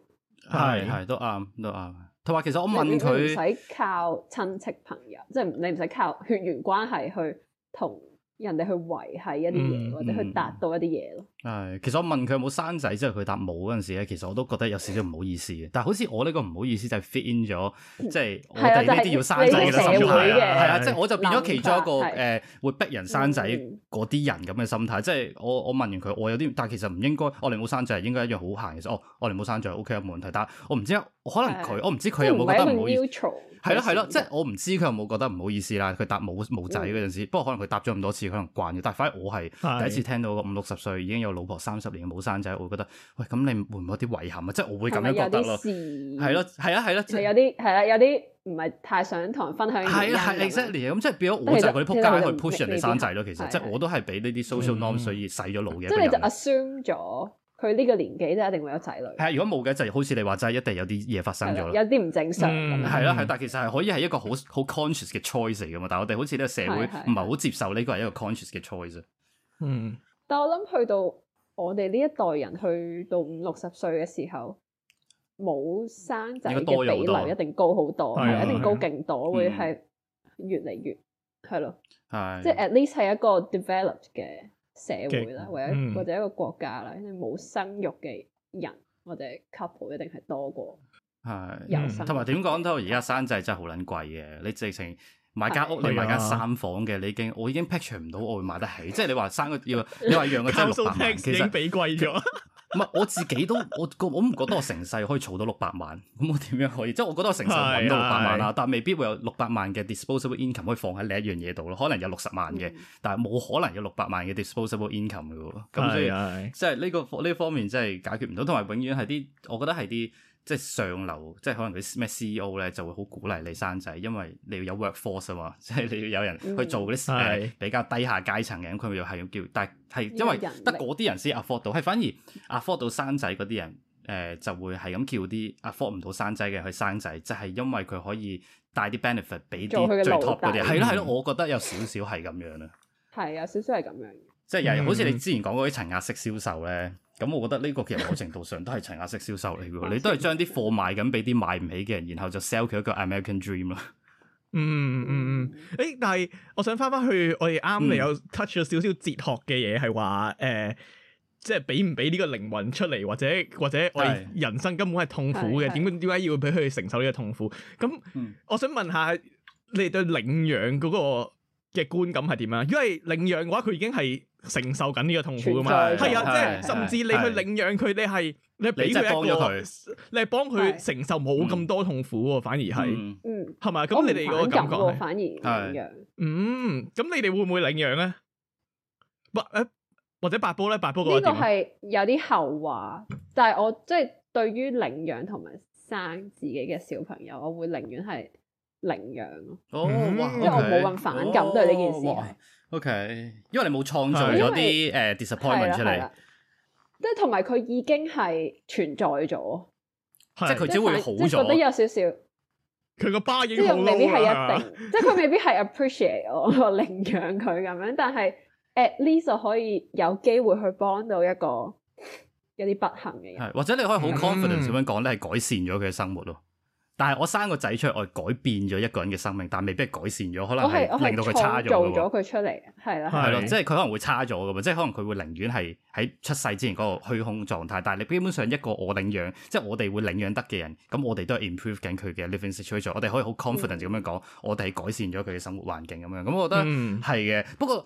係係是、嗯、都啱都啱。同埋其實我問佢唔使靠親戚朋友，即係、嗯、你唔使靠血緣關係去同。人哋去維繫一啲嘢，嗯嗯、或者去達到一啲嘢咯。係，其實我問佢有冇生仔即係，佢答冇嗰陣時咧，其實我都覺得有少少唔好意思嘅。但係好似我呢個唔好意思就係 fit in 咗，即、就、係、是、我哋呢啲要生仔嘅心態嘅係啊，係啊，即係我就變咗其中一個誒，會逼人生仔嗰啲人咁嘅心態。即係我我問完佢，我有啲，但係其實唔應該，我哋冇生仔，應該一樣好閒嘅。哦，我哋冇生仔，OK，冇問題。但係我唔知。可能佢我唔知佢有冇覺得唔好意思，係咯係咯，即係我唔知佢有冇覺得唔好意思啦。佢答冇冇仔嗰陣時，不過可能佢答咗咁多次，可能慣咗。但係反而我係第一次聽到個五六十歲已經有老婆三十年冇生仔，我覺得喂，咁你會唔會啲遺憾啊？即係我會咁樣覺得咯，係咯係啊係咯，有啲係啊有啲唔係太想同人分享。係啊係 exactly 咁，即係變咗我就係啲仆街去 push 人哋生仔咯。其實即係我都係俾呢啲 social norm 所以洗咗腦嘅，即係你就 assume 咗。佢呢個年紀就一定會有仔女。係啊，如果冇嘅就好似你話齋，一定有啲嘢發生咗咯。有啲唔正常。係咯，係，但係其實係可以係一個好好 conscious 嘅 choice 嚟嘅嘛。但係我哋好似呢個社會唔係好接受呢個係一個 conscious 嘅 choice。嗯，但我諗去到我哋呢一代人去到五六十歲嘅時候，冇生仔嘅比例一定高好多，係一定高勁多，會係越嚟越係咯。係唉，即係 at least 係一個 developed 嘅。社會啦，或者或者一個國家啦，嗯、couples，一定冇生育嘅人或者 couple 一定係多過係有生，同埋點講都而家生仔真係好撚貴嘅，你直情。買間屋你買間三房嘅，啊、你已經我已經 picture 唔到我會買得起，即係你話三個要你話樣嘅真係六百萬， 其實已經比貴咗。唔 係我自己都我我我唔覺得我成世可以儲到六百萬，咁我點樣可以？即係我覺得我成世搵到六百萬啦，是是但未必會有六百萬嘅 disposable income 可以放喺呢一樣嘢度咯。可能有六十萬嘅，嗯、但係冇可能有六百萬嘅 disposable income 嘅喎。咁所以即係呢個呢、這個、方面真係解決唔到，同埋永遠係啲，我覺得係啲。即係上流，即係可能嗰啲咩 CEO 咧就會好鼓勵你生仔，因為你要有 workforce 啊嘛，即係你要有人去做啲誒、嗯呃、比較低下階層嘅，咁佢咪又係咁叫。但係因為得嗰啲人先 afford 到，係反而 afford 到生仔嗰啲人誒、呃、就會係咁叫啲 afford 唔到生仔嘅去生仔，就係、是、因為佢可以帶啲 benefit 俾啲最 top 嗰啲人。係咯，係咯，我覺得有少少係咁樣啦。係啊，少少係咁樣嘅。即係又好似你之前講嗰啲層壓式銷售咧。嗯咁，我覺得呢個其實某程度上都係層壓式銷售嚟嘅喎， 你都係將啲貨賣緊俾啲買唔起嘅人，然後就 sell 佢一個 American Dream 啦，嗯。嗯嗯，誒、欸，但係我想翻翻去我哋啱嚟有 touch 咗少少哲學嘅嘢，係話誒，即係俾唔俾呢個靈魂出嚟，或者或者我哋人生根本係痛苦嘅，點點解要俾佢承受呢個痛苦？咁、嗯、我想問下你哋對領養嗰個嘅觀感係點啊？因為領養嘅話，佢已經係。承受緊呢個痛苦㗎嘛？係啊，即係甚至你去領養佢，你係你俾佢一個，你係幫佢承受冇咁多痛苦，反而係，嗯，係咪？咁你哋嗰個感覺反而領養？嗯，咁你哋會唔會領養咧？或誒，或者白波咧？白波嗰個呢個係有啲後話，但係我即係對於領養同埋生自己嘅小朋友，我會寧願係領養咯。哦，因為我冇咁反感對呢件事。O、okay. K，因為你冇創造咗啲誒 disappointment 出嚟的，即係同埋佢已經係存在咗，即佢只會好咗，覺得有少少。佢個巴應未必係一定， 即係佢未必係 appreciate 我領養佢咁樣，但係 at least 可以有機會去幫到一個 有啲不幸嘅人，或者你可以好 confident 咁樣講、嗯，你係改善咗佢嘅生活咯。但係我生個仔出去，我改變咗一個人嘅生命，但未必係改善咗，可能係令到佢差咗。做咗佢出嚟，係啦，係咯，即係佢可能會差咗噶嘛，的即係可能佢會寧願係喺出世之前嗰個虛空狀態。但係你基本上一個我領養，即係我哋會領養得嘅人，咁我哋都係 improve 緊佢嘅 living situation。我哋可以好 confident 咁樣講，嗯、我哋係改善咗佢嘅生活環境咁樣。咁我覺得係嘅，嗯、不過。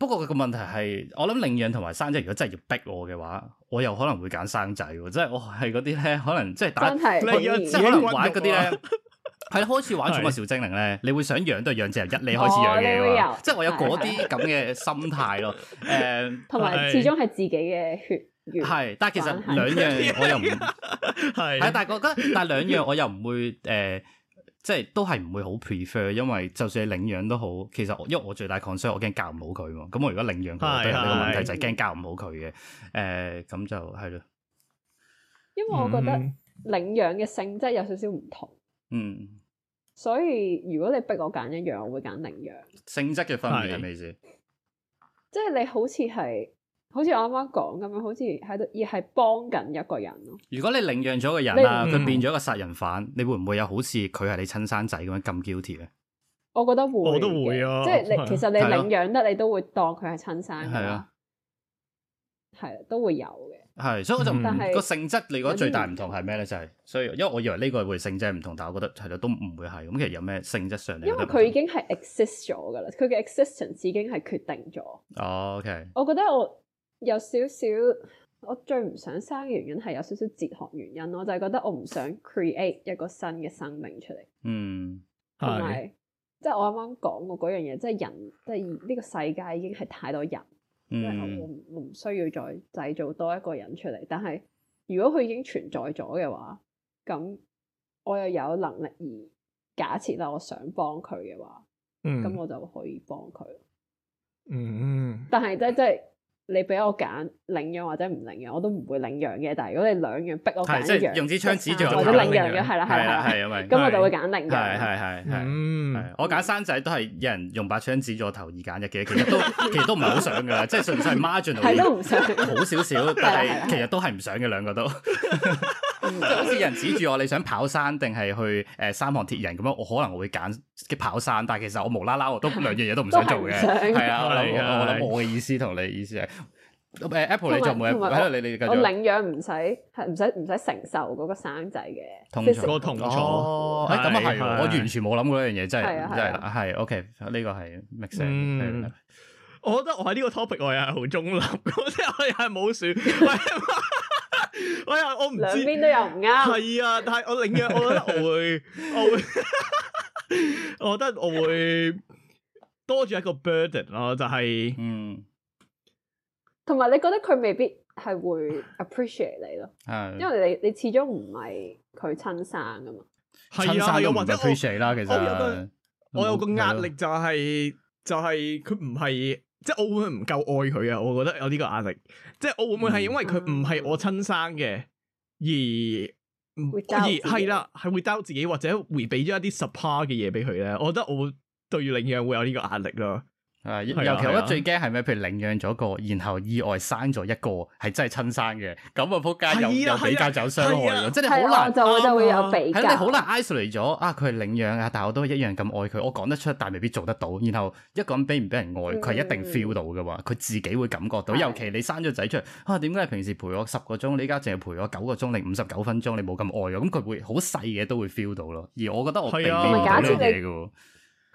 不過佢個問題係，我諗領養同埋生仔，如果真係要逼我嘅話，我又可能會揀生仔，即係我係嗰啲咧，可能即係打，你如果可能玩嗰啲咧，係開始玩《寵物小精靈》咧，你會想養都養隻人，一你開始養嘅，即係我有嗰啲咁嘅心態咯。誒，同埋始終係自己嘅血緣係，但係其實兩樣我又唔係啊！但係覺得但係兩樣我又唔會誒。即係都係唔會好 prefer，因為就算你領養都好，其實因為我最大 concern，我驚教唔好佢嘛。咁我如果領養佢，都係呢個問題就，呃、就係驚教唔好佢嘅。誒，咁就係咯。因為我覺得領養嘅性質有少少唔同。嗯。所以如果你逼我揀一樣，我會揀領養。性質嘅分別係咩意思？是即係你好似係。好似我啱啱講咁樣，好似喺度而係幫緊一個人咯。如果你領養咗個人啊，佢你變咗個殺人犯，嗯、你會唔會有好似佢係你親生仔咁樣咁 guilty 咧？我覺得會，我都會啊！即係你其實你領養得，你都會當佢係親生噶，係啊的，都會有嘅。係，所以我就唔個、嗯、性質，你覺得最大唔同係咩咧？就係、是、所以，因為我以為呢個會性質唔同，但係我覺得其實都唔會係咁。其實有咩性質上？因為佢已經係 exist 咗噶啦，佢嘅 existence 已經係決定咗。Oh, OK，我覺得我。有少少，我最唔想生嘅原因係有少少哲學原因，我就係覺得我唔想 create 一個新嘅生命出嚟。嗯，同埋有是即係我啱啱講過嗰樣嘢，即係人，即係呢個世界已經係太多人，嗯、即係我唔需要再製造多一個人出嚟。但係如果佢已經存在咗嘅話，咁我又有能力而假設啦，我想幫佢嘅話，嗯，咁我就可以幫佢。嗯，但係即係即係。你俾我揀領養或者唔領養，我都唔會領養嘅。但係如果你兩樣逼我，即係用支槍指住我都領養嘅，係啦係啦係咁，我就會揀領養。係係係係，我揀生仔都係有人用把槍指住我頭而揀嘅，其實都其實都唔係好想㗎，即係純粹係 margin 好少少，但係其實都係唔想嘅兩個都。好似有人指住我，你想跑山定係去誒三項鐵人咁樣？我可能會揀嘅跑山，但係其實我無啦啦我都兩樣嘢都唔想做嘅。係啊，我諗我嘅意思同你意思係 Apple，你就冇啊，你你繼續。我領養唔使係唔使唔使承受嗰個生仔嘅痛楚，痛楚。咁啊係，我完全冇諗過一樣嘢，真係真係係 OK，呢個係 mixing。我覺得我喺呢個 topic 我又係好中立，即係我又係冇選。哎、我唔知兩邊都有唔啱。係啊，但係我領養我覺得我會， 我會， 我覺得我會多咗一個 burden 咯，就是，就係，嗯，同埋你覺得佢未必係會 appreciate 你咯，的因為你你始終唔係佢親生噶嘛。係啊，係啊，不不 appreciate 啦，其實我有個壓力就係、是、就係佢唔係。就是即係我會唔會唔夠愛佢啊？我覺得有呢個壓力。即係我會唔會係因為佢唔係我親生嘅而唔、嗯、而係啦，係會 doubt 自己，自己或者回俾咗一啲 support 嘅嘢，俾佢咧？我覺得我會對於領養會有呢個壓力咯。啊！尤其我覺得最驚係咩？譬如領養咗個，然後意外生咗一個，係真係親生嘅，咁啊仆街又又比較有傷害咯，即係好難愛，就會有比較，係你好難 isolate 咗啊！佢係領養啊，但係我都一樣咁愛佢，我講得出，但係未必做得到。然後一個人俾唔俾人愛，佢係一定 feel 到嘅嘛，佢自己會感覺到。尤其你生咗仔出嚟啊，點解你平時陪我十個鐘，你而家淨係陪我九個鐘零五十九分鐘，你冇咁愛我？咁佢會好細嘅都會 feel 到咯。而我覺得我係啊，唔係假設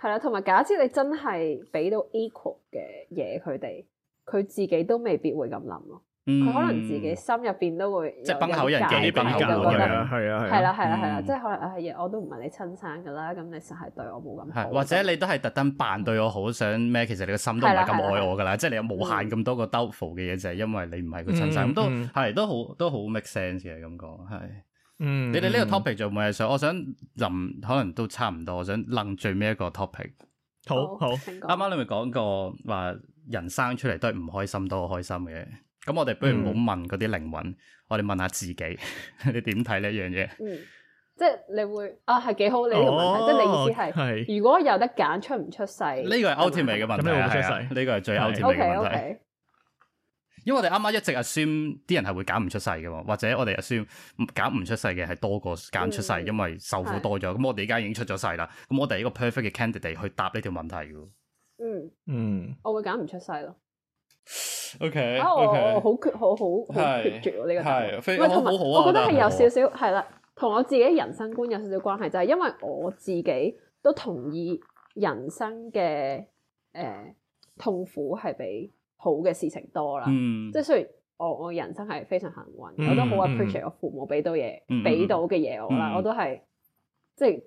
係啦，同埋假設你真係俾到 equal 嘅嘢佢哋，佢自己都未必會咁諗咯。佢可能自己心入邊都會即係崩口人幾崩口，係啊，係啦，係啦，係啦，即係可能係我都唔係你親生噶啦，咁你實係對我冇咁，或者你都係特登扮對我好，想咩？其實你個心都唔係咁愛我噶啦，即係你有無限咁多個 doubt 嘅嘢，就係因為你唔係佢親生，咁都係都好都好 make sense 嘅咁講，係。嗯，你哋呢個 topic 仲未係數，我想諗，可能都差唔多，我想諗最尾一個 topic。好，好。啱啱你咪講過話人生出嚟都係唔開心都好開心嘅，咁我哋不如冇問嗰啲靈魂，我哋問下自己，你點睇呢一樣嘢？嗯，即係你會啊，係幾好你呢個問題，即係你意思係，如果有得揀出唔出世，呢個係 ultimate 嘅問題，出唔出世呢個係最 ultimate 嘅問題。因為我哋啱啱一直 assume 啲人係會揀唔出世嘅嘛，或者我哋 assume 揀唔出世嘅係多過揀出世，因為受苦多咗。咁、嗯、我哋而家已經出咗世啦，咁我哋係一個 perfect 嘅 candidate 去答呢條問題嘅。嗯嗯，嗯我會揀唔出世咯。OK，, okay 啊，我我好決好好好決絕呢個，因為同埋我我覺得係有少少係啦，同我自己人生觀有少少關係，就係、是、因為我自己都同意人生嘅誒、呃呃、痛苦係比。好嘅事情多啦，嗯、即係雖然我我人生係非常幸運，嗯、我都好 appreciate 我父母俾到嘢，俾、嗯、到嘅嘢我啦，嗯、我都係即係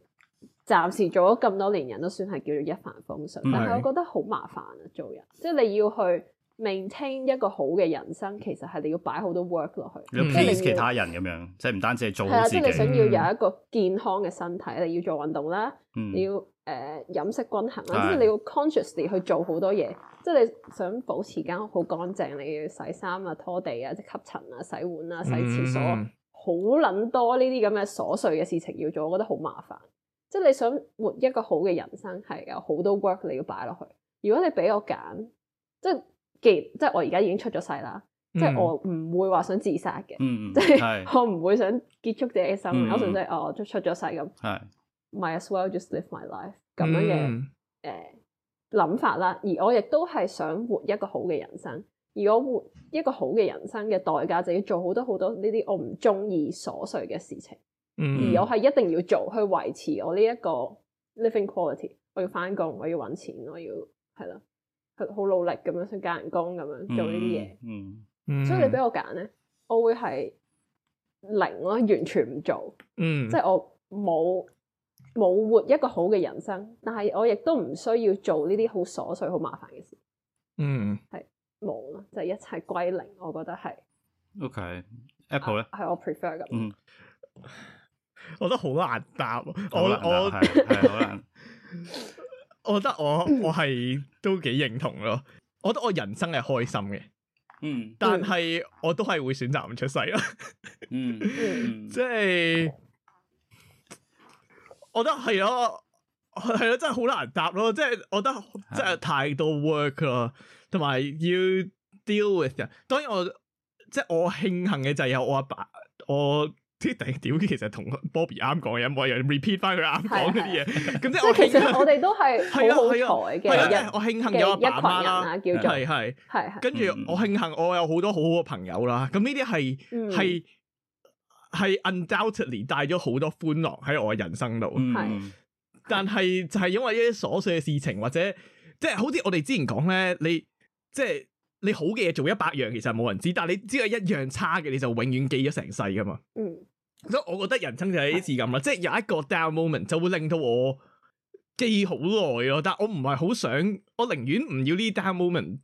暫時做咗咁多年人都算係叫做一帆風順，但係我覺得好麻煩啊，做人即係你要去，maintain 一個好嘅人生，其實係你要擺好多 work 落去，即係唔似其他人咁樣，即係唔單止係做自己。係啊，即、就、係、是、你想要有一個健康嘅身體，mm hmm. 你要做運動啦，mm hmm. 你要誒飲、呃、食均衡啦，即係、mm hmm. 你要 consciously 去做好多嘢。Mm hmm. 即係你想保持間屋好乾淨，你要洗衫啊、拖地啊、吸塵啊、洗碗啊、洗廁所，好捻、mm hmm. 多呢啲咁嘅瑣碎嘅事情要做，我覺得好麻煩。即係你想活一個好嘅人生，係有好多 work 你要擺落去。如果你俾我揀，即係、mm。Hmm. 即係我而家已經出咗世啦，即係我唔會話想自殺嘅，嗯、即係我唔會想結束自己生命。我純粹哦，即係出咗世咁，係。Might as well just live my life 咁樣嘅，誒諗法啦。而我亦都係想活一個好嘅人生。而我活一個好嘅人生嘅代價就要做好多好多呢啲我唔中意瑣碎嘅事情。嗯、而我係一定要做去維持我呢一個 living quality 我。我要翻工，我要搵錢，我要係啦。好努力咁樣，想加人工咁樣做呢啲嘢，嗯嗯、所以你俾我揀咧，我會係零咯，完全唔做，即係、嗯、我冇冇活一個好嘅人生，但係我亦都唔需要做呢啲好瑣碎、好麻煩嘅事。嗯，係冇咯，就係、一切歸零。我覺得係。OK，Apple 咧係我 prefer 咁。嗯，我覺得好難答。我我我係好難。 我覺得我我係都幾認同咯，我覺得我人生係開心嘅，嗯 嗯，嗯，但係我都係會選擇唔出世咯，嗯，即係，我覺得係咯，係係咯，真係好難答咯，即係我覺得真係太多 work 咯，同埋要 deal with 嘅，當然我即係我慶幸嘅就係有我阿爸我。啲頂屌，其實同 Bobby 啱講嘢，剛剛剛我又 repeat 翻佢啱講嗰啲嘢，咁即係我其實我哋都係好好彩嘅人。啊啊啊啊、我慶幸有一群人啦、啊，叫做係係係，跟住我慶幸我有好多好好多好好嘅朋友啦，咁呢啲係係係 undoubtedly 帶咗好多歡樂喺我嘅人生度，係、嗯，但係就係因為一啲瑣碎嘅事情，或者即係好似我哋之前講咧，你即係。你好嘅嘢，做一百樣，其實冇人知，但係你只係一樣差嘅，你就永遠記咗成世噶嘛。嗯，所以我覺得人生就係呢啲事咁啦，是即係有一個 down moment 就會令到我記好耐咯。但係我唔係好想，我寧願唔要呢 down moment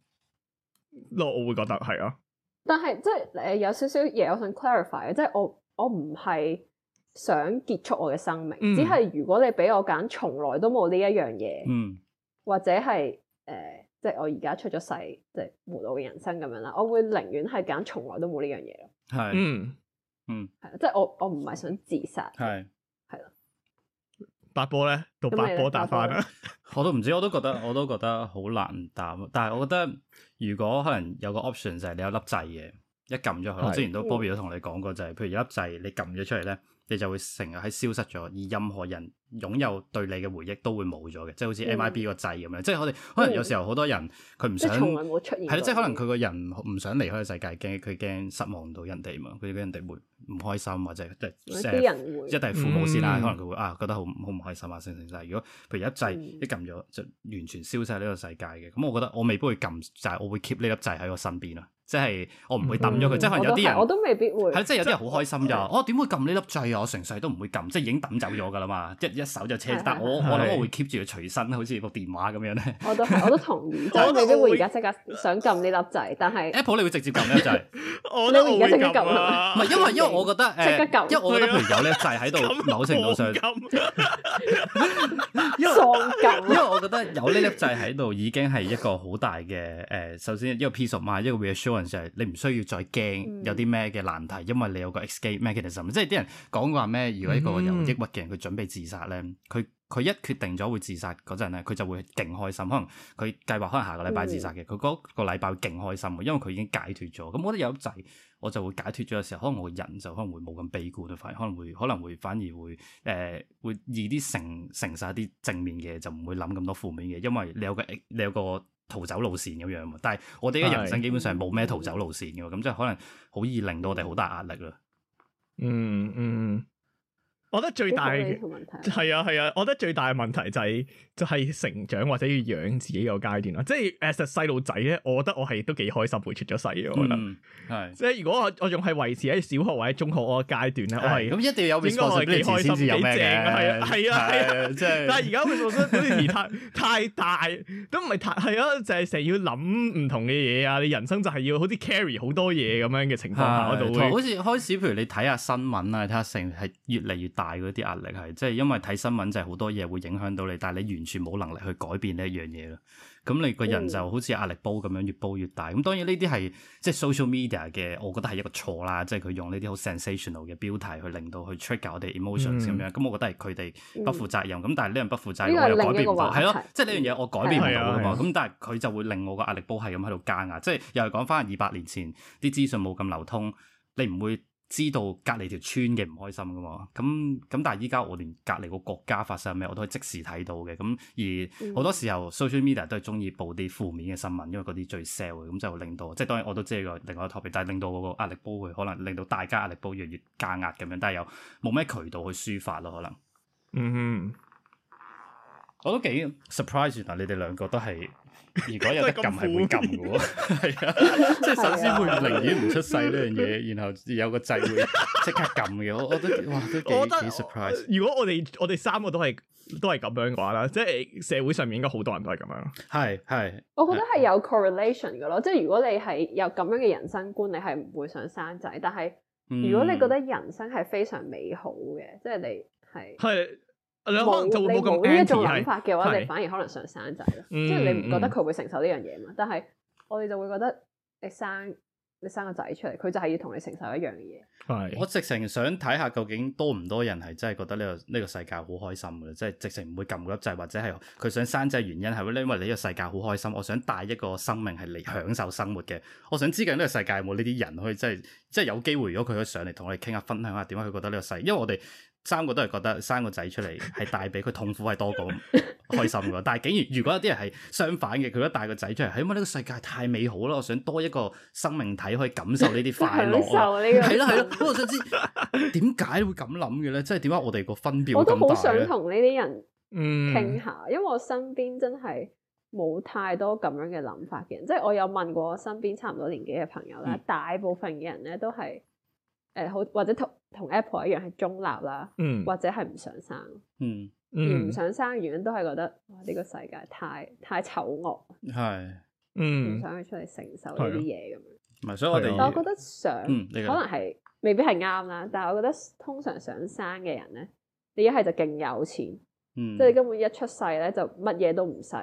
咯。我會覺得係啊。但係即係誒，有少少嘢我想 clarify 嘅，即係我我唔係想結束我嘅生命，嗯，只係如果你俾我揀，從來都冇呢一樣嘢，嗯、或者係誒。呃即係我而家出咗世，即係活到嘅人生咁樣啦。我會寧願係揀從來都冇呢樣嘢咯。係是，嗯，嗯，係，即係我我唔係想自殺。係是，係咯的。八波咧，到八波打翻啦。 我都唔知，我都覺得我都覺得好難打。但係我覺得，如果可能有個 option 就係你有粒掣嘅，一撳咗佢。的我之前都 Bobby 都同你講過，就係、是、譬如有粒掣，你撳咗出嚟咧，你就會成日喺消失咗，而任何人擁有對你嘅回憶都會冇咗嘅，即係好似 MIB 個掣咁樣，嗯、即係我哋可能有時候好多人佢唔想，嗯、出現係即係可能佢個人唔想離開個世界，驚佢驚失望到人哋嘛，佢俾人哋會唔開心或者，即，即一定係父母先啦，嗯、可能佢會啊覺得好好唔開心啊，成成世如果譬如一掣、嗯、一撳咗，就完全消失喺呢個世界嘅，咁我覺得我未必會撳掣，就係、我會 keep 呢粒掣喺我身邊咯，即係我唔會抌咗佢，嗯、即係有啲人我，我都未必會，係即係有啲人好開心㗎、嗯啊，我點會撳呢粒掣啊？我成世都唔會撳，即係已經抌走咗㗎啦嘛，一手就車，但我我諗我會 keep 住佢隨身，好似部電話咁樣咧。我都我都同意，我都未必會而家即刻想撳呢粒掣。但係 Apple，你會直接撳呢粒掣？我會而家即刻撳。唔係因為因為我覺得即刻誒，因為我覺得譬如有呢粒掣喺度，某程度上因為我覺得有呢粒掣喺度已經係一個好大嘅誒。首先一個 peace of mind，一個 reassurance 就係你唔需要再驚有啲咩嘅難題，因為你有個 escape mechanism。即係啲人講話咩？如果一個有抑鬱嘅人佢準備自殺咧。誒、佢佢一決定咗會自殺嗰陣咧，佢就會勁開心。可能佢計劃可能下個禮拜自殺嘅，佢嗰、嗯、個禮拜會勁開心嘅，因為佢已經解脱咗。咁我覺得有劑，我就會解脱咗嘅時候，可能我個人就可能會冇咁悲觀啊，反可能會可能會反而會誒、呃、會易啲成承曬啲正面嘅，就唔會諗咁多負面嘅。因為你有個你有個逃走路綫咁樣啊，但係我哋嘅人生基本上冇咩逃走路綫嘅，咁即係可能好易令到我哋好大壓力咯、嗯。嗯嗯。我覺得最大嘅問題係啊係啊！我覺得最大嘅問題就係就係成長或者要養自己個階段咯。即係誒細路仔咧，我覺得我係都幾開心，會出咗世。我覺得係即係如果我我仲係維持喺小學或者中學嗰個階段咧，我係咁一定有變咗幾開心幾正啊！係啊係啊！但係而家變咗好似而太太大都唔係太係咯，就係成日要諗唔同嘅嘢啊！你人生就係要好啲 carry 好多嘢咁樣嘅情況下，就會好似開始，譬如你睇下新聞啊，睇下成係越嚟越大。大嗰啲壓力係，即係因為睇新聞就係好多嘢會影響到你，但係你完全冇能力去改變呢一樣嘢咯。咁你個人就好似壓力煲咁樣越煲越大。咁當然呢啲係即係 social media 嘅，我覺得係一個錯啦。即係佢用呢啲好 sensational 嘅標題去令到去 trigger 我哋 emotions 咁樣。咁我覺得係佢哋不負責任。咁但係呢樣不負責任我又改變唔到，係咯、嗯嗯嗯嗯。即係呢樣嘢我改變唔到嘅嘛。咁但係佢就會令我個壓力煲係咁喺度加壓。即係又係講翻二百年前啲資訊冇咁流通，你唔會知道隔離條村嘅唔開心㗎嘛。咁咁但係依家我連隔離個國家發生咩我都係即時睇到嘅。咁而好多時候 social media、嗯、都係中意報啲負面嘅新聞，因為嗰啲最 sell 嘅，咁就令到即係當然我都知個另外一個 topic，但係令到嗰個壓力煲會可能令到大家壓力煲越越加壓咁樣，但係又冇咩渠道去抒發咯，可能。嗯哼，我都幾 surprise 啊，你哋兩個都係。如果有得撳係會撳嘅，係啊，即係首先會寧願唔出世呢樣嘢，然後有個掣會即刻撳嘅。我我覺得，哇都幾 surprise 如果我哋我哋三個都係都係咁樣嘅話咧，即係社會上面應該好多人都係咁樣係係，我覺得係有 correlation 嘅咯。即係如果你係有咁樣嘅人生觀，你係唔會想生仔。但係如果你覺得人生係非常美好嘅，即係你係係。你可能就冇咁呢一種諗法嘅話，是你反而可能想生仔咯。嗯、即係你唔覺得佢會承受呢樣嘢嘛？嗯、但係我哋就會覺得你生、嗯、你生個仔出嚟，佢就係要同你承受一樣嘅嘢。係是，我直情想睇下究竟多唔多人係真係覺得呢、這個呢、這個世界好開心嘅，即係直情唔會撳粒掣，或者係佢想生仔原因係會咧，因為呢個世界好開心，我想帶一個生命係嚟享受生活嘅，我想知緊呢個世界有冇呢啲人可以即係即係有機會，如果佢可以上嚟同我哋傾下、分享下點解佢覺得呢個世，因為我哋。三個都係覺得生個仔出嚟係帶俾佢痛苦係多過開心噶，但係竟然如果有啲人係相反嘅，佢一帶個仔出嚟，係因為呢個世界太美好啦，我想多一個生命體可以感受呢啲快樂。感 受呢個係咯係咯，我想知點解會咁諗嘅咧？即係點解我哋個分別，我都好想同呢啲人傾下，因為我身邊真係冇太多咁樣嘅諗法嘅人。即係我有問過身邊差唔多年紀嘅朋友咧，大部分嘅人咧都係誒好或者同。同 Apple 一樣係中立啦，或者係唔想生。嗯，而唔想生嘅原因都係覺得呢個世界太太醜惡。係，嗯，唔想去出嚟承受呢啲嘢咁樣。唔係，所以我哋，我覺得想，可能係未必係啱啦。但係我覺得通常想生嘅人咧，你一係就勁有錢，即係你根本一出世咧就乜嘢都唔使，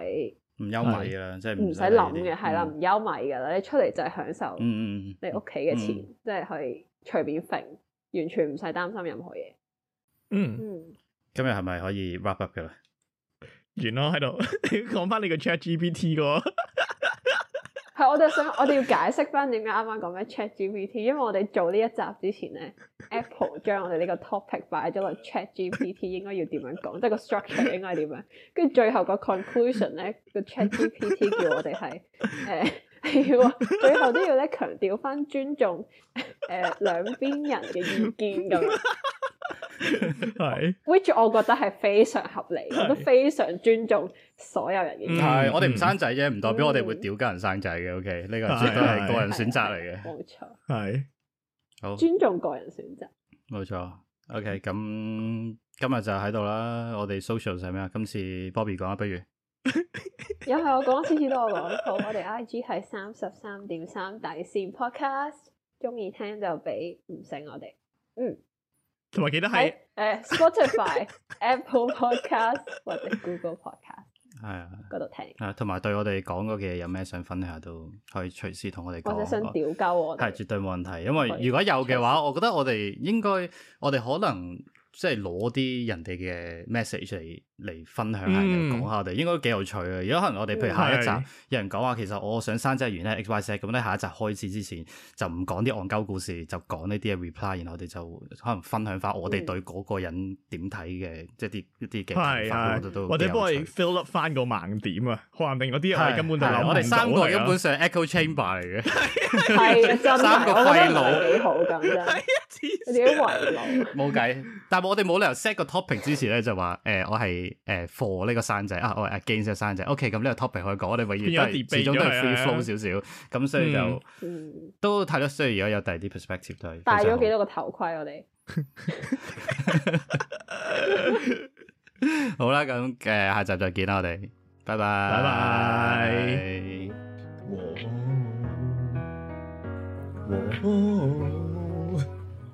唔憂米㗎啦，即係唔使諗嘅係啦，唔憂米㗎啦，你出嚟就係享受，你屋企嘅錢，即係去以隨便揈。.完全唔使擔心任何嘢。嗯，嗯，今日係咪可以 wrap up 嘅啦？完咯，喺度，講翻你個 Chat GPT 個。係，我哋想，我哋要解釋翻點解啱啱講咩 Chat GPT。因為我哋做呢一集之前咧，Apple 將我哋呢個 topic 擺咗落 Chat GPT，應該要點樣講， 即係個 structure 應該係點樣。跟住最後個 conclusion 咧，個 Chat GPT 叫我哋係。 係，最後都要咧強調翻尊重誒兩邊人嘅意見咁，係，which 我覺得係非常合理，我都非常尊重所有人嘅意見。係，我哋唔生仔啫，唔代表我哋會屌家人生仔嘅。OK，呢個亦都係個人選擇嚟嘅，冇錯。係，好尊重個人選擇，冇錯。OK，咁今日就喺度啦。我哋 social 係咩啊？今次 Bobby 講啊，不如。又係我講，次次都我講。好， 我哋 IG 係三十三點三底線 Podcast，中意聽就俾唔醒我哋。嗯， 同埋記得喺誒 Spotify、Apple Podcast 或者 Google Podcast 係啊，嗰度聽啊。同埋對我哋講嗰嘅嘢，有咩想分享都可以隨時同我哋講。或者想屌鳩我，係絕對冇問題。因為如果有嘅話，事我覺得我哋應該，我哋可能。即係攞啲人哋嘅 message 嚟嚟分享下，講、嗯、下我哋應該幾有趣嘅。如果可能我哋，譬如下一集有人講話，嗯、其實我想生隻魚咧，X Y Z 咁咧，下一集開始之前就唔講啲戇鳩故事，就講呢啲嘅 reply，然後我哋就可能分享翻我哋對嗰個人點睇嘅，嗯、即係啲一啲嘅我覺得都或者幫佢 fill up 翻個盲點啊，嗯嗯、可能定嗰啲又係根本就我哋三個根本上 echo chamber 嚟嘅，係真係，我覺得幾好咁真，你哋啲圍爐冇計。嗯、我哋冇理由 set 個 topic 之前咧就話誒、呃、我係誒、呃、for 呢個生仔啊，我係 against 個生仔。OK 咁呢個 topic 可以講，我哋永遠始終都係 free flow、啊、少少，咁所以就、嗯嗯、都太多需要如果有第二啲 perspective 去戴咗幾多個頭盔，我哋好啦，咁嘅下集再見啦，我哋拜拜拜拜。